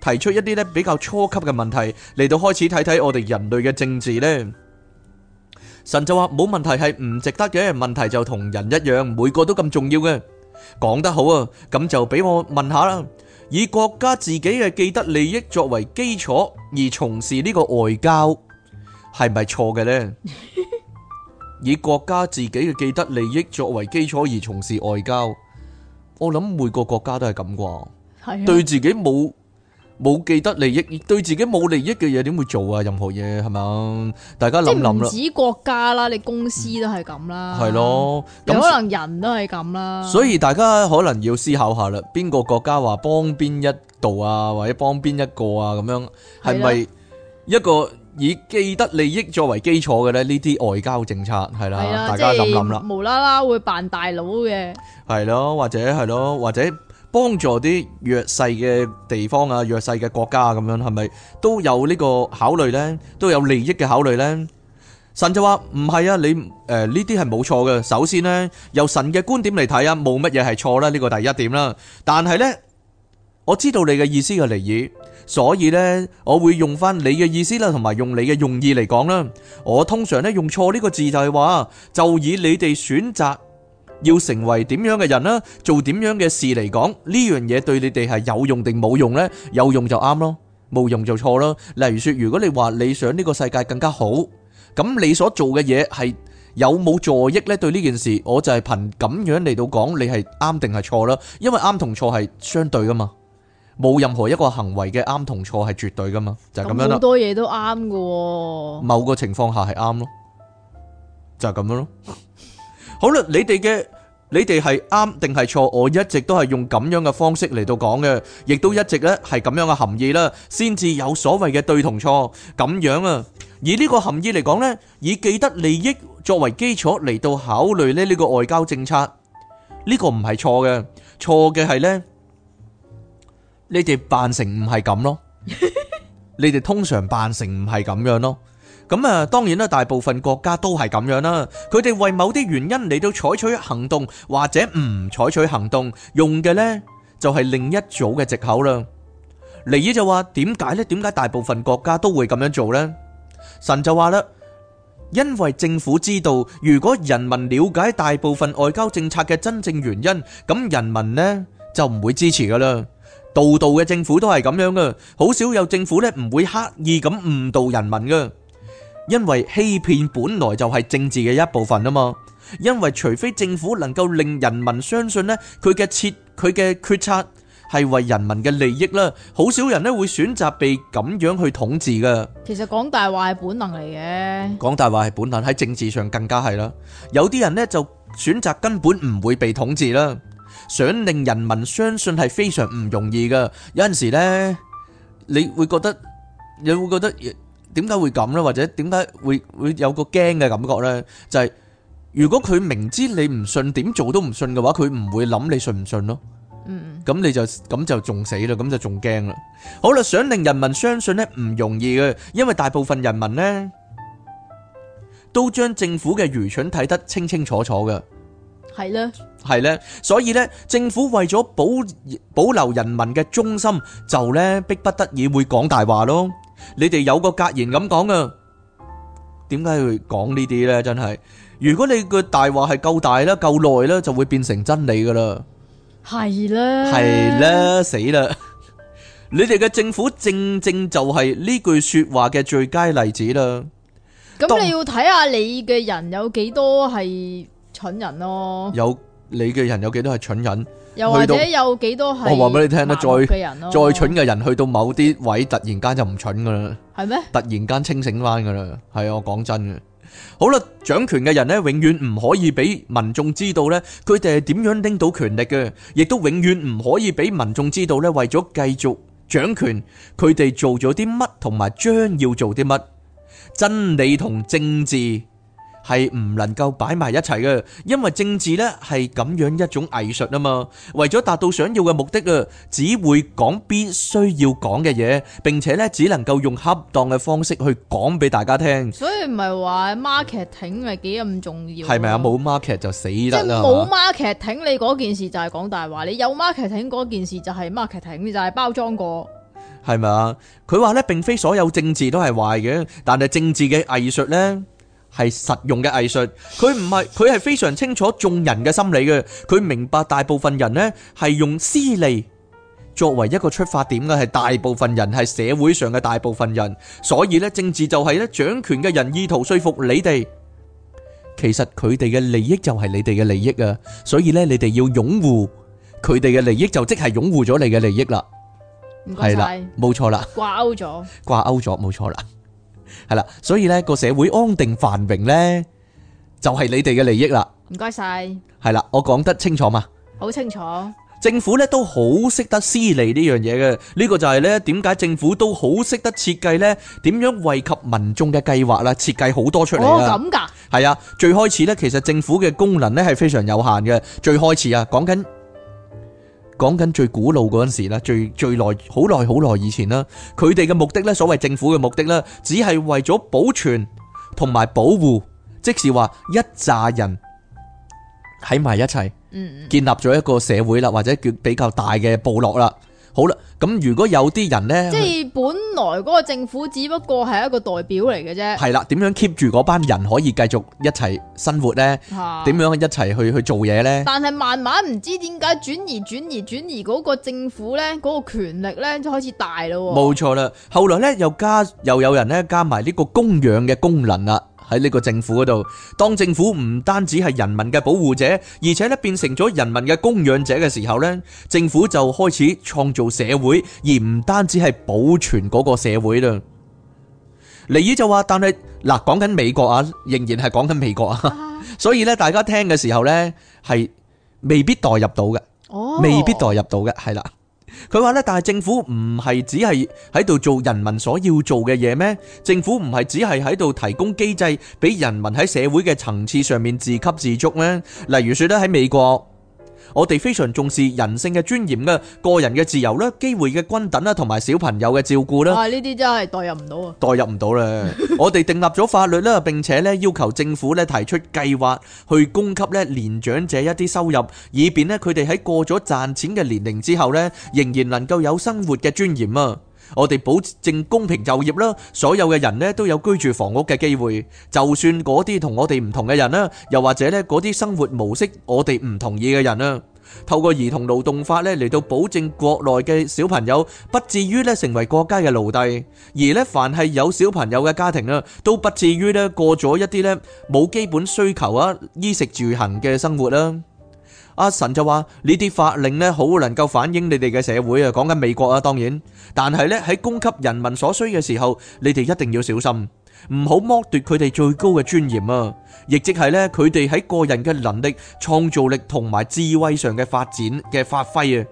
提出一啲呢，比較初級嘅問題嚟到開始睇睇我哋人類嘅政治呢？神就話冇問題，係唔值得嘅，問題就同人一樣，每個都咁重要嘅。講得好啊，咁就俾我問下啦，以國家自己嘅既得利益作為基礎而從事呢個外交，係咪錯嘅呢？以國家自己嘅既得利益作為基礎而從事外交，我諗每個國家都係咁啩，對自己冇冇既得利益，對自己冇利益嘅嘢點會做啊？任何嘢係咪啊？大家諗諗啦。即係唔止國家啦，你公司都係咁啦，係咯，咁可能人都係咁啦。所以大家可能要思考下啦，邊個國家話幫邊一度啊，或者幫邊一個啊，咁樣係咪一個？以既得利益作為基礎嘅咧，呢啲外交政策係啦，大家諗諗啦，無啦啦會扮大佬嘅，係咯，或者係咯，或者幫助啲弱勢嘅地方啊、弱勢嘅國家啊，咁樣係咪都有呢個考慮咧？都有利益嘅考慮咧？神就話唔係啊，你誒呢啲係冇錯嘅。首先咧，由神嘅觀點嚟睇啊，冇乜嘢係錯啦，呢個第一點啦。但係咧，我知道你嘅意思嘅，尼爾。所以咧，我會用翻你嘅意思啦，同埋用你嘅用意嚟講啦。我通常咧用錯呢個字就係話，就以你哋選擇要成為點樣嘅人啦，做點樣嘅事嚟講，呢樣嘢對你哋係有用定冇用呢？有用就啱咯，冇用就錯咯。例如說，如果你話你想呢個世界更加好，咁你所做嘅嘢係有冇助益呢？對呢件事，我就係憑咁樣嚟到講，你係啱定係錯啦，因為啱同錯係相對噶嘛。冇任何一個行為嘅啱同錯係絕對噶嘛，就係咁樣啦。咁好多嘢都啱噶。某個情況下係啱咯，就係咁樣咯。好啦，你哋嘅你哋係啱定係錯？我一直都係用咁樣嘅方式嚟到講嘅，亦都一直咧係咁樣嘅含義啦，先至有所謂嘅對同錯咁樣啊。以呢個含義嚟講咧，以既得利益作為基礎嚟到考慮咧呢個外交政策，呢個唔係錯嘅，錯嘅係咧。你哋扮成唔係咁咯，你哋通常扮成唔係咁樣咯。咁啊，當然啦，大部分國家都係咁樣啦。佢哋為某啲原因嚟到採取行動或者唔採取行動，用嘅呢就係另一組嘅借口啦。尼爾就話：點解呢？點解大部分國家都會咁樣做呢？神就話啦，因為政府知道，如果人民了解大部分外交政策嘅真正原因，咁人民呢就唔會支持噶啦。度度嘅政府都係咁樣噶，好少有政府咧，唔會刻意咁誤導人民噶，因為欺騙本來就係政治嘅一部分啊嘛。因為除非政府能夠令人民相信咧，佢嘅切佢嘅決策係為人民嘅利益啦，好少人咧會選擇被咁樣去統治噶。其實講大話係本能嚟嘅，講大話係本能，喺政治上更加係啦。有啲人咧就選擇根本唔會被統治啦。想令人民相信係非常唔容易嘅，有陣時呢你會覺得，你會覺得，點解會咁呢？或者點解會會有個驚嘅感覺呢？就係，如果佢明知你唔信，點做都唔信嘅話，佢唔會諗你信唔信，嗯，咁你就咁就仲死啦，咁就仲驚啦。好啦，想令人民相信呢，唔容易嘅，因為大部分人民呢，都將政府嘅愚蠢睇得清清楚楚嘅。係咧，係咧，所以咧，政府為咗保保留人民嘅忠心，就咧逼不得已會講大話咯。你哋有個格言咁講噶，點解會講呢啲咧？真係，如果你個大話係夠大啦、夠耐啦，就會變成真理噶啦。係啦，係啦，死啦！你哋嘅政府正正就係呢句說話嘅最佳例子啦。咁你要睇下你嘅人有幾多係。蠢人咯，有你嘅人有幾多係蠢人，又或者有幾多係我話俾你聽啦，再蠢嘅人，再蠢嘅人去到某啲位，突然間就唔蠢噶啦，係咩？突然間清醒翻噶啦，係啊，我講真嘅。好啦，掌權嘅人咧，永遠唔可以俾民眾知道咧，佢哋係點樣拎到權力嘅，亦都永遠唔可以俾民眾知道咧，為咗繼續掌權，佢哋做咗啲乜，同埋將要做啲乜，真理同政治係唔能夠擺埋一齊嘅，因為政治呢係咁樣一種藝術啊嘛，為咗達到想要嘅目的啊，只會講必須要講嘅嘢，並且呢，只能夠用恰當嘅方式去講俾大家聽。所以唔係話 marketing 係幾咁重要？係咪啊？冇 marketing 就死得啦！冇 marketing，吧你嗰件事就係講大話；你有 marketing 嗰件事就係 marketing 就係、是、包裝過，係咪啊？佢話呢，並非所有政治都係壞嘅，但係政治嘅藝術呢。係實用嘅藝術，佢唔係，佢係非常清楚眾人嘅心理嘅，佢明白大部分人呢係用私利作為一個出發點嘅，係大部分人係社會上嘅大部分人，所以呢政治就係咧掌權嘅人意圖說服你哋，其實佢哋嘅利益就係你哋嘅利益啊，所以呢你哋要擁護佢哋嘅利益，就即係擁護咗你嘅利益啦，係啦，冇錯啦，掛鈎咗，掛鈎咗，冇錯啦。係啦，所以呢個社會安定繁榮呢，就係你哋嘅利益啦。唔該晒。係啦，我講得清楚嘛？好清楚。政府呢都好識得私利呢樣嘢嘅，呢個就係呢點解政府都好識得設計呢點樣惠及民眾嘅計劃啦，設計好多出嚟啦。哦，咁噶？係啊，最開始呢，其實政府嘅功能呢係非常有限嘅。最開始啊，講緊。講緊最古老嗰陣時啦，最最耐好耐好耐以前啦，佢哋嘅目的呢，所謂政府嘅目的呢，只係為咗保存同埋保護，即是話一紮人喺埋一齊，建立咗一個社會啦，或者叫比較大嘅部落啦。好啦。咁如果有啲人呢，即係本來嗰個政府只不過係一個代表嚟嘅啫。係啦，點樣 keep 住嗰班人可以繼續一齊生活呢？點樣一齊去去做嘢呢？但係慢慢唔知點解轉移轉移轉移嗰個政府呢，嗰個權力呢，就開始大咯。冇錯啦，後來呢，又加又有人呢，加埋呢個供養嘅功能啦。喺呢個政府嗰度，當政府唔單止係人民嘅保護者，而且咧變成咗人民嘅供養者嘅時候咧，政府就開始創造社會，而唔單止係保存嗰個社會啦。尼爾就話，但係嗱，講緊美國啊，仍然係講緊美國啊，所以咧，大家聽嘅時候呢，係未必代入到嘅，未必代入到嘅，係啦。佢話咧，但係政府唔係只係喺度做人民所要做嘅嘢咩？政府唔係只係喺度提供機制俾人民喺社會嘅層次上面自給自足咩？例如說咧，喺美國。我哋非常重視人性嘅尊嚴嘅個人嘅自由啦、機會嘅均等啦、同埋小朋友嘅照顧啦。呢啲、啊、真係代入唔到啊！代入唔到咧， 我哋訂立咗法律咧，並且咧要求政府咧提出計劃去供給咧年長者一啲收入，以便咧佢哋喺過咗賺錢嘅年齡之後咧，仍然能夠有生活嘅尊嚴啊！我哋保證公平就業啦，所有嘅人呢都有居住房屋嘅機會。就算嗰啲同我哋唔同嘅人啦，又或者呢嗰啲生活模式我哋唔同意嘅人啦，透過兒童勞動法呢嚟到保證國內嘅小朋友不至於呢成為國家嘅奴隸，而呢，凡係有小朋友嘅家庭啦，都不至於呢過咗一啲呢冇基本需求啊、衣食住行嘅生活啦。阿神就話呢啲法令咧，好能夠反映你哋嘅社會啊，講緊美國啊，當然，但係咧喺供給人民所需嘅時候，你哋一定要小心，唔好剝奪佢哋最高嘅尊嚴啊！亦即係咧，佢哋喺個人嘅能力、創造力同埋智慧上嘅發展嘅發揮啊！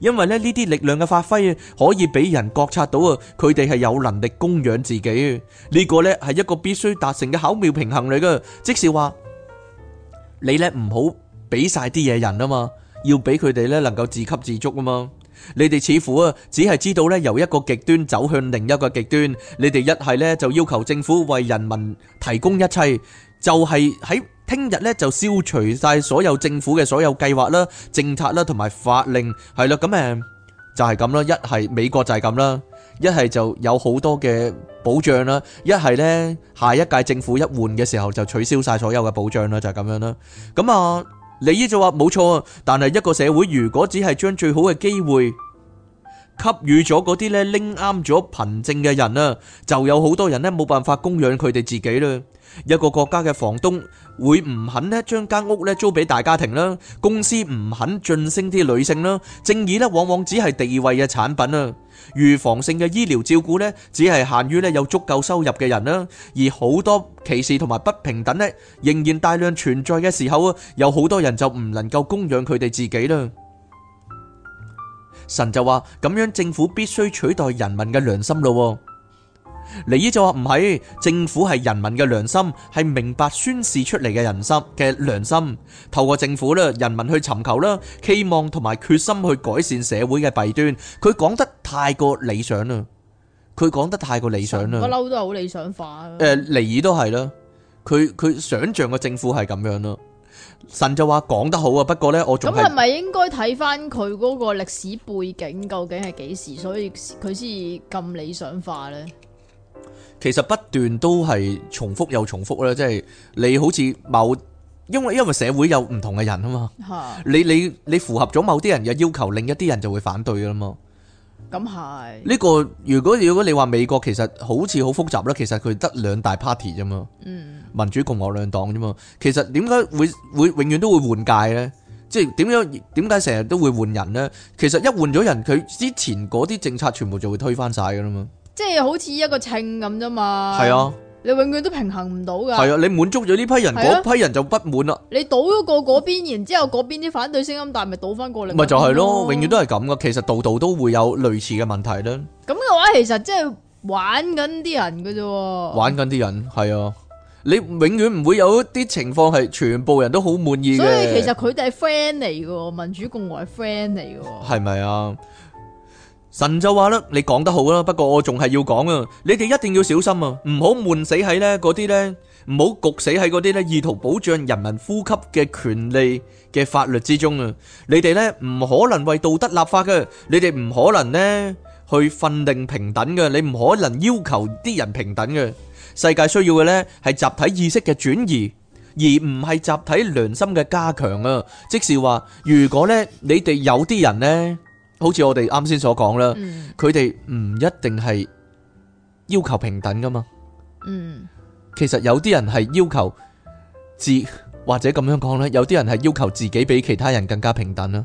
因為咧呢啲力量嘅發揮啊，可以俾人覺察到啊，佢哋係有能力供養自己。呢個咧係一個必須達成嘅巧妙平衡嚟噶，即是話你咧唔好。俾曬啲嘢人啊嘛，要俾佢哋呢能夠自給自足啊嘛。你哋似乎啊，只係知道呢由一個極端走向另一個極端。你哋一係呢就要求政府為人民提供一切，就係喺聽日呢就消除曬所有政府嘅所有計劃啦、政策啦同埋法令係啦。咁誒就係咁啦，一係美國就係咁啦，一係就有好多嘅保障啦，一係呢下一屆政府一換嘅時候就取消曬所有嘅保障啦，就係咁樣啦。咁啊～你呢就話冇錯，但係一個社會如果只係將最好嘅機會，給予咗嗰啲咧拎啱咗憑證嘅人啦，就有好多人咧冇辦法供養佢哋自己啦。一個國家嘅房東會唔肯咧將間屋咧租俾大家庭啦，公司唔肯晉升啲女性啦，正義咧往往只係地位嘅產品啦。預防性嘅醫療照顧咧只係限於咧有足夠收入嘅人啦，而好多歧視同埋不平等咧仍然大量存在嘅時候啊，有好多人就唔能夠供養佢哋自己啦。神就話咁樣，政府必須取代人民嘅良心咯。尼爾就話唔係，政府係人民嘅良心，係明白宣示出嚟嘅人心嘅良心。透過政府啦，人民去尋求啦，期望同埋決心去改善社會嘅弊端。佢講得太過理想啦，佢講得太過理想啦。不嬲都好理想化。誒、呃，尼爾都係啦，佢佢想象嘅政府係咁樣咯。神就話，講得好啊，不過呢，我咁係咪應該睇返佢嗰個歷史背景究竟係幾時，所以佢先咁理想化呢？其實不斷都係重複又重複咧，即係你好似某，因為因為社會有唔同嘅人啊嘛，的你你你符合咗某啲人嘅要求，另一啲人就會反對噶啦嘛。咁係呢個如果如果你話美國其實好似好複雜啦，其實佢得兩大 party 啫嘛。嗯。民主共和兩黨啫嘛，其實點解會會永遠都會換屆咧？即係點樣點解成日都會換人咧？其實一換咗人，佢之前嗰啲政策全部就會推翻曬㗎啦嘛，即係好似一個秤咁啫嘛。係啊，你永遠都平衡唔到㗎。係啊，你滿足咗呢批人，嗰批人就不滿啦。你倒咗過嗰邊，然之後嗰邊啲反對聲音大，咪倒翻過嚟咪就係咯，永遠都係咁㗎。其實度度都會有類似嘅問題啦。咁嘅話，其實即係玩緊啲人嘅啫，玩緊啲人，係啊。你永遠唔會有一啲情況係全部人都好滿意嘅。所以其實佢哋係 friend 嚟嘅，民主共和係 friend 嚟嘅。係咪啊？神就話啦：你講得好啦，不過我仲係要講啊，你哋一定要小心啊，唔好悶死喺呢嗰啲呢，唔好焗死喺嗰啲呢，意圖保障人民呼吸嘅權利嘅法律之中啊！你哋呢，唔可能為道德立法嘅，你哋唔可能呢，去訂定平等嘅，你唔可能要求啲人平等嘅。世界需要嘅呢係集體意識嘅轉移，而唔係集體良心嘅加強啊！即是話，如果呢你哋有啲人呢，好似我哋啱先所講啦，佢哋唔一定係要求平等噶嘛。嗯，其實有啲人係要求自或者咁樣講呢，有啲人係要求自己比其他人更加平等啦。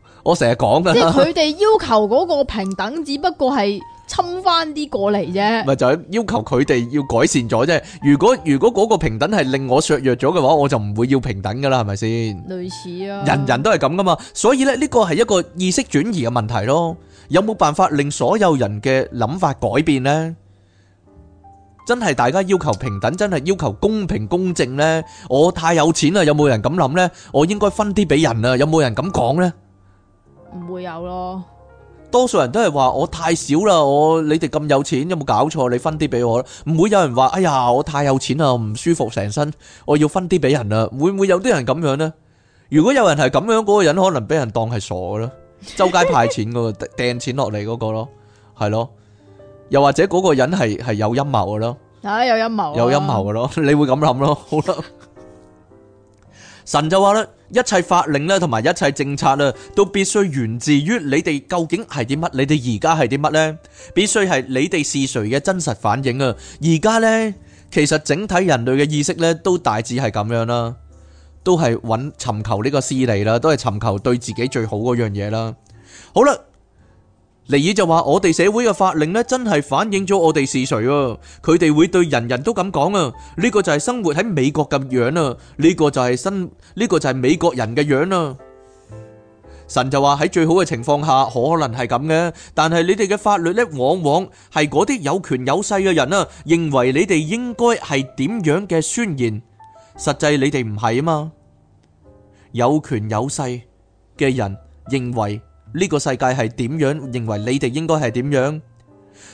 我成日講噶，即係佢哋要求嗰個平等，只不過係侵翻啲過嚟啫。咪就係要求佢哋要改善咗啫。如果如果嗰個平等係令我削弱咗嘅話，我就唔會要平等噶啦，係咪先？類似啊，人人都係咁噶嘛。所以咧，呢個係一個意識轉移嘅問題咯。有冇辦法令所有人嘅諗法改變呢？真係大家要求平等，真係要求公平公正呢？我太有錢啦，有冇人咁諗呢？我應該分啲俾人啊？有冇人咁講呢？唔會有咯，多數人都係話我太少啦，我你哋咁有錢，有冇搞錯？你分啲俾我咯，唔會有人話，哎呀，我太有錢啦，唔舒服成身，我要分啲俾人啦，會唔會有啲人咁樣呢？如果有人係咁樣，嗰個人可能俾人當係傻噶啦，周街派錢個掟錢落嚟嗰個咯，係咯，又或者嗰個人係係有陰謀噶咯，啊有陰謀，有陰謀噶咯，你會咁諗咯，好啦，神就話啦。一切法令咧，同埋一切政策啊，都必須源自於你哋究竟係啲乜？你哋而家係啲乜呢？必須係你哋是誰嘅真實反應啊！而家呢，其實整體人類嘅意識咧，都大致係咁樣啦，都係揾尋求呢個私利啦，都係尋求對自己最好嗰樣嘢啦。好啦。尼爾就話：我哋社會嘅法令咧，真係反映咗我哋是誰啊！佢哋會對人人都咁講啊！呢個就係生活喺美國咁樣啊！呢個就係生，呢個就係美國人嘅樣啊！神就話，喺最好嘅情況下，可能係咁嘅，但係你哋嘅法律咧，往往係嗰啲有權有勢嘅人啊，認為你哋應該係點樣嘅宣言，實際你哋唔係啊嘛！有權有勢嘅人認為。呢個世界係點樣認為你哋應該係點樣？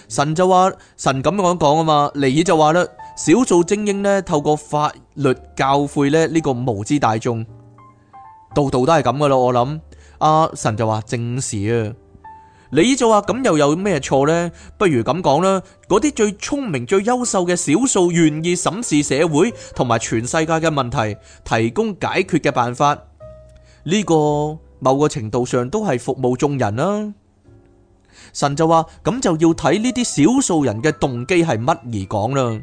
神就話神咁樣講啊嘛，尼爾就話啦，少數精英呢透過法律教誨呢，呢、呢個無知大眾，度度都係咁噶啦。我諗阿、啊、神就話正視啊，尼爾就話咁又有咩錯呢？不如咁講啦，嗰啲最聰明、最優秀嘅少數願意審視社會同埋全世界嘅問題，提供解決嘅辦法呢、呢個。某個程度上都係服務眾人啦，神就話咁就要睇呢啲少數人嘅動機係乜而講啦，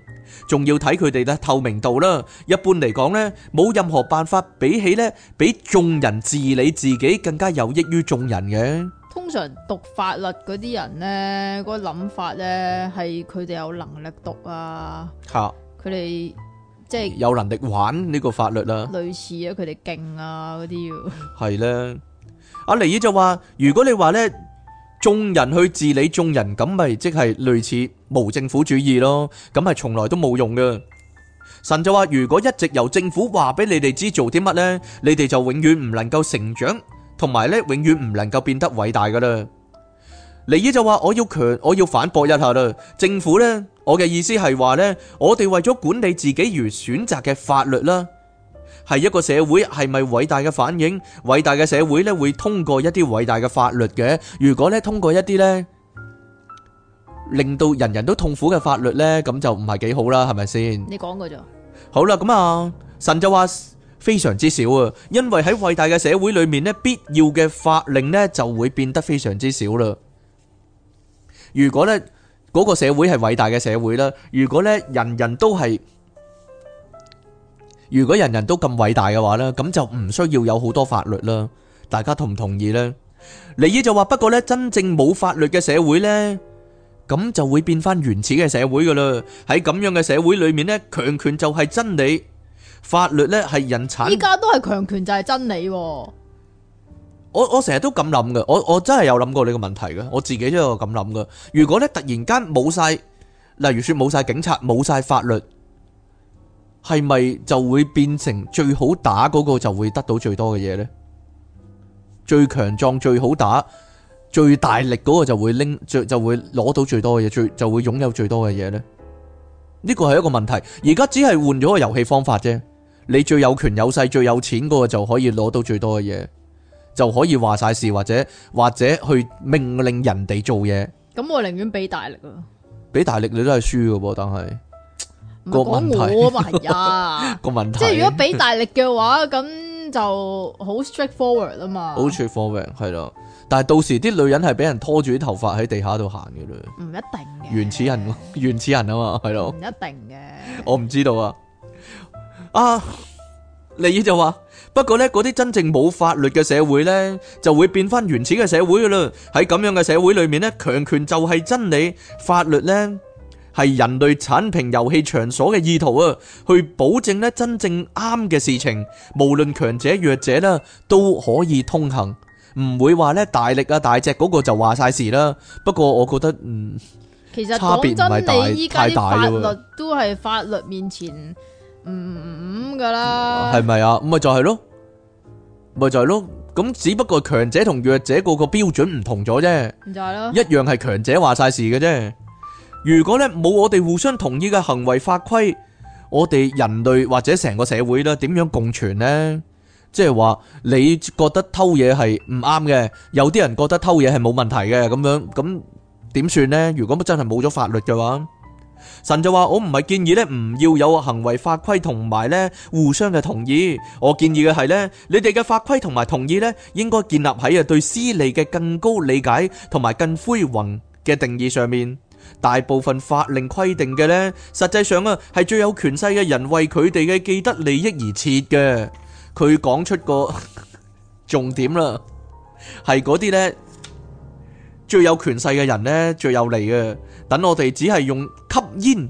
仲要睇佢哋嘅透明度啦。一般嚟講呢，冇任何辦法比起呢比眾人治理自己更加有益於眾人嘅。通常讀法律嗰啲人呢，個諗法呢係佢哋有能力讀啊，佢哋即係有能力玩呢個法律啦，類似啊，佢哋勁啊嗰啲要係啦。阿尼爾就話：如果你話呢，眾人去治理眾人，咁咪即係類似無政府主義咯。咁係從來都冇用噶。神就話：如果一直由政府話俾你哋知做啲乜呢，你哋就永遠唔能夠成長，同埋呢永遠唔能夠變得偉大噶啦。尼呢就話，我要強，我要反駁一下啦。政府呢，我嘅意思係話呢，我哋為咗管理自己而選擇嘅法律啦。係一個社會，係咪偉大嘅反應。偉大嘅社會呢,會通過一啲偉大嘅法律嘅。如果呢，通過一啲呢，令到人人都痛苦嘅法律呢，咁就唔係幾好啦，係咪先。你講過咋。好啦,咁啊，神就話非常之少。因為喺偉大嘅社會裏面呢，必要嘅法令呢，就會變得非常之少啦。如果咧嗰個社會係偉大嘅社會啦，如果咧人人都係，如果人人都咁偉大嘅話咧，咁就唔需要有好多法律啦。大家同唔同意咧？尼爾就話：不過咧真正冇法律嘅社會咧，咁就會變翻原始嘅社會噶啦。喺咁樣嘅社會裏面咧，強權就係真理，法律咧係人產。依家都係強權就係真理。我我成日都咁諗㗎，我我真係有諗過呢個問題㗎，我自己都有咁諗㗎。如果咧突然間冇晒，例如說冇晒警察冇晒法律，係咪就會變成最好打嗰個就會得到最多嘅嘢呢？最強壯最好打最大力嗰個就會拎最就會攞到最多嘅嘢，最就會擁有最多嘅嘢呢？呢個係一個問題。而家只係換咗個遊戲方法啫。你最有權有勢最有錢嗰個就可以攞到最多嘅嘢。就可以話晒事，或者或者去命令人哋做嘢。咁我寧願俾大力啊！俾大力你都係輸嘅噃，但係個問題，個問題，即係如果俾大力嘅話，咁就好 straightforward 啊嘛。好 straightforward 係咯，但係到時啲女人係俾人拖住啲頭髮喺地下度行嘅咧。唔一定嘅。原始人，原始人啊嘛，係咯。唔一定嘅。 我唔知道啊。啊，李姨就話。不過咧，嗰啲真正冇法律嘅社會呢，就會變翻原始嘅社會噶啦。喺咁樣嘅社會裏面呢，強權就係真理，法律呢，係人類鏟平遊戲場所嘅意圖啊，去保證呢真正啱嘅事情，無論強者弱者啦，都可以通行，唔會話呢，大力啊大隻嗰個就話晒事啦。不過我覺得，嗯，其實講真差別唔係大太大咯，都係法律面前。唔咁㗎啦，係咪啊？咪就係咯，咪就係咯。咁只不過強者同弱者個個標準唔同咗啫，就係咯，一樣係強者話晒事嘅啫。如果呢冇我哋互相同意嘅行為法規，我哋人類或者成個社會呢點樣共存呢？即係話你覺得偷嘢係唔啱嘅，有啲人覺得偷嘢係冇問題嘅，咁樣咁點算呢？如果咪真係冇咗法律嘅話。神就話：我唔係建議咧，唔要有行為法規同埋咧互相嘅同意。我建議嘅係咧，你哋嘅法規同埋同意咧，應該建立喺啊對私利嘅更高理解同埋更恢宏嘅定義上面。大部分法令規定嘅咧，實際上啊係最有權勢嘅人為佢哋嘅既得利益而設嘅。佢講出個 重點啦，係嗰啲咧最有權勢嘅人咧最有利嘅。等我哋只係用。吸煙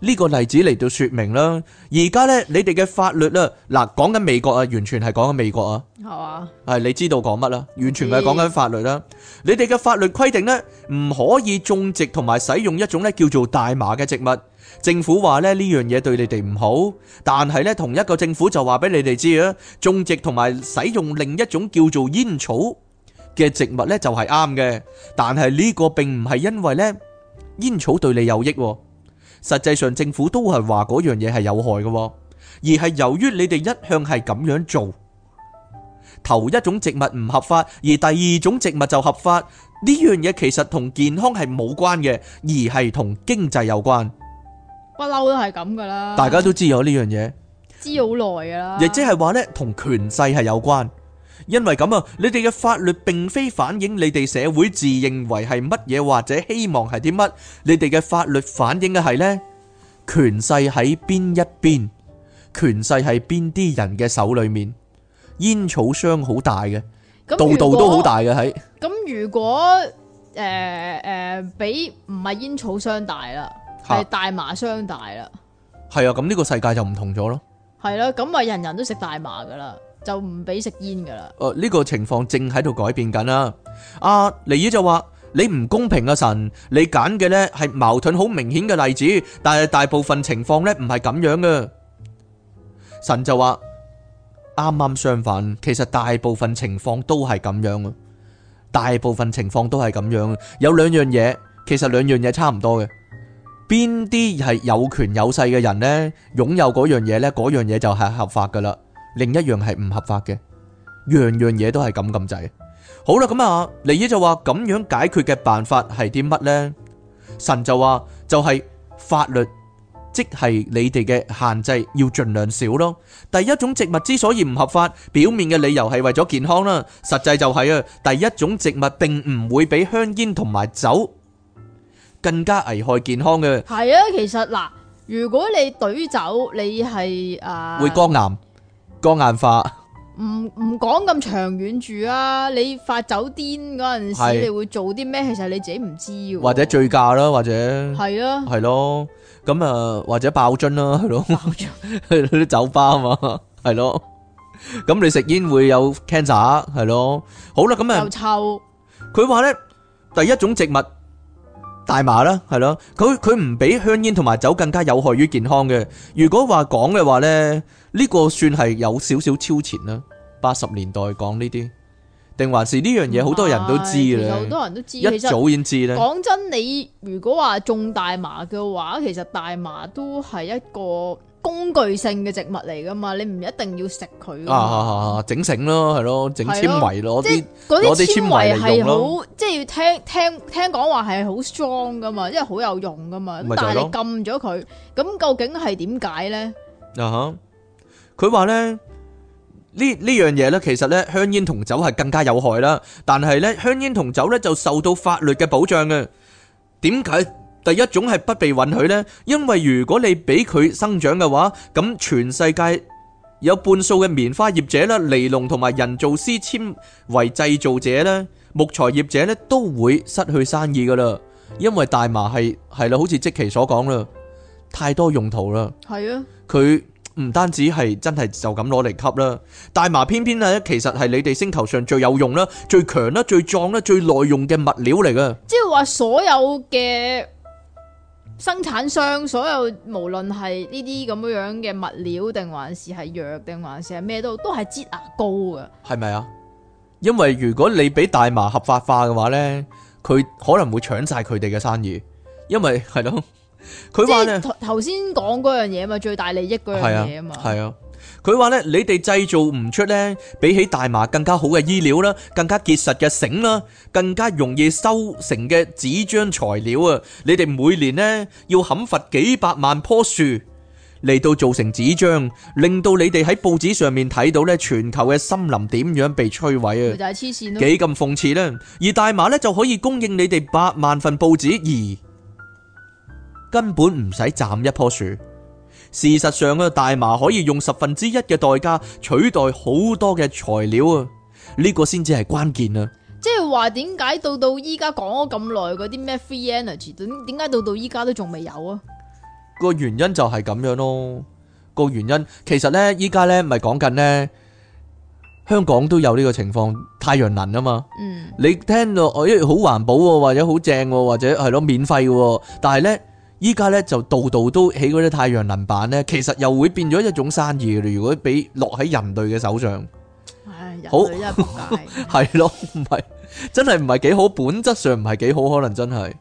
呢個例子嚟到說明啦，而家呢，你哋嘅法律啦，嗱講緊美國啊，完全係講緊美國啊，係嘛，係你知道講乜啦？完全係講緊法律啦，嗯、你哋嘅法律規定呢，唔可以種植同埋使用一種咧叫做大麻嘅植物，政府話呢，呢樣嘢對你哋唔好，但係呢，同一個政府就話俾你哋知啊，種植同埋使用另一種叫做煙草嘅植物呢，就係啱嘅，但係呢個並唔係因為呢。煙草對你有益，實際上政府都係話嗰樣嘢係有害嘅，而係由於你哋一向係咁樣做。頭一種植物唔合法，而第二種植物就合法，呢樣嘢其實同健康係冇關嘅，而係同經濟有關。不嬲都係咁噶啦，大家都知有呢樣嘢，知好耐噶啦。亦即係話呢，同權勢係有關。因為咁啊，你哋嘅法律並非反映你哋社會自認為係乜嘢或者希望係啲乜，你哋嘅法律反映嘅係呢，權勢喺邊一邊，權勢係邊啲人嘅手裏面，煙草商好大嘅，度度都好大嘅喺。咁如果誒誒比唔係煙草商大啦，係大麻商大啦。係啊，咁呢個世界就唔同咗咯。係咯，咁啊，人人都食大麻噶啦。就唔俾食煙噶啦。誒，呢個情況正喺度改變緊啦。阿尼爾就話：你唔公平啊！神，你揀嘅咧係矛盾好明顯嘅例子。但係大部分情況咧唔係咁樣嘅。神就話：啱啱相反，其實大部分情況都係咁樣。大部分情況都係咁樣。有兩樣嘢，其實兩樣嘢差唔多嘅。邊啲係有權有勢嘅人咧擁有嗰樣嘢咧？嗰樣嘢就係合法噶啦。另一樣係唔合法嘅，樣樣嘢都係咁咁滯。好啦，咁啊，利伊就話，咁樣解決嘅辦法係啲乜呢？神就話就係法律，即係你哋嘅限制要盡量少咯。第一種植物之所以唔合法，表面嘅理由係為咗健康啦，實際就係啊，第一種植物並唔會比香煙同埋酒更加危害健康嘅。係啊，其實嗱，如果你懟酒，你係啊會肝癌。肝硬化，唔唔講咁長遠住啊。你發酒癲嗰陣時，是你會做啲咩？其實你自己唔知。或者醉駕啦，或者係啊，係咯。咁啊，或者爆樽啦，係咯。去去啲酒吧啊嘛，係咯。咁你食煙會有 cancer，係咯。好啦，咁啊，又臭。佢話咧，第一種植物。大麻啦，係咯，佢佢唔比香煙同埋酒更加有害於健康嘅。如果話講嘅話呢，呢個算係有少少超前啦。八十年代講呢啲，定還是呢樣嘢好多人都知嘅。好多人都知，一早已經實知啦。講真，你如果話種大麻嘅話，其實大麻都係一個。工具性嘅植物嚟噶嘛，你唔一定要食佢。啊啊啊！整繩咯，係咯，整纖維咯，啲攞啲纖維係好，即係要聽聽聽講話係好 strong 噶嘛，即係好有用噶嘛。咁但係你禁咗佢，咁究竟係點解咧？啊哈！佢話咧呢呢樣嘢咧，其實咧香煙同酒係更加有害啦。但係咧香煙同酒咧就受到法律嘅保障嘅。點解？第一種係不被允許呢，因為如果你俾佢生長嘅話，咁全世界有半數嘅棉花業者啦、尼龍同埋人造絲纖維製造者咧、木材業者咧都會失去生意噶啦，因為大麻係係啦，好似積奇所講啦，太多用途啦。係啊的，佢唔單止係真係就咁攞嚟吸啦，大麻偏偏係其實係你哋星球上最有用啦、最強啦、最壯啦、最耐用嘅物料嚟㗎。即係話所有嘅。生產商所有無論係呢啲咁樣嘅物料定還是係藥定還是係咩都都係擠牙膏嘅，係咪啊？因為如果你俾大麻合法化嘅話咧，佢可能會搶晒佢哋嘅生意，因為係咯，佢話咧頭先講嗰樣嘢啊嘛，最大利益嗰樣嘢啊嘛，係啊。佢話咧，你哋製造唔出咧，比起大麻更加好嘅衣料啦，更加結實嘅繩啦，更加容易收成嘅紙張材料啊。你哋每年咧要砍伐幾百萬棵樹嚟到做成紙張，令到你哋喺報紙上面睇到咧，全球嘅森林點樣被摧毀啊，幾咁諷刺呢。而大麻咧就可以供應你哋百萬份報紙，而根本唔使斬一棵樹。事實上咧，大麻可以用十分之一嘅代價取代好多嘅材料啊！呢個先至係關鍵啊！即係話點解到到依家講咗咁耐嗰啲咩 free energy？點點解到到依家都仲未有啊？個原因就係咁樣咯。個原因其實咧，依家咧咪講緊咧，香港都有呢個情況，太陽能啊嘛。嗯。你聽到我好環保或者好正或者係咯免費嘅，但係咧。依家咧就度度都起嗰啲太陽能板咧，其實又會變咗一種生意嘅。如果俾落喺人類嘅手上，好係咯，唔係真係唔係幾好，本質上唔係幾好，可能真係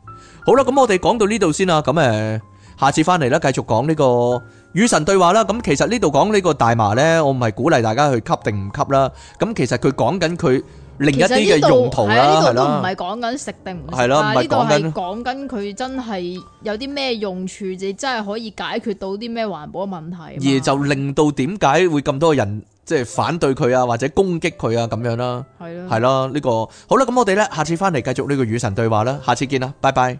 好啦。咁我哋講到呢度先啦。咁誒，下次翻嚟啦，繼續講呢個與神對話啦。咁其實呢度講呢個大麻咧，我唔係鼓勵大家去吸定唔吸啦。咁其實佢講緊佢。另一啲嘅用途，其實呢度係啊，呢度都唔係講緊食定唔食，係咯，唔係講緊，講緊佢、啊、真係有啲咩用處，就真係可以解決到啲咩環保嘅問題。而就令到點解會咁多人即係、就是、反對佢啊，或者攻擊佢啊咁樣啦？係咯、啊，係咯、啊，呢、這個好啦，咁我哋咧下次翻嚟繼續呢個與神對話啦，下次見啦，拜拜。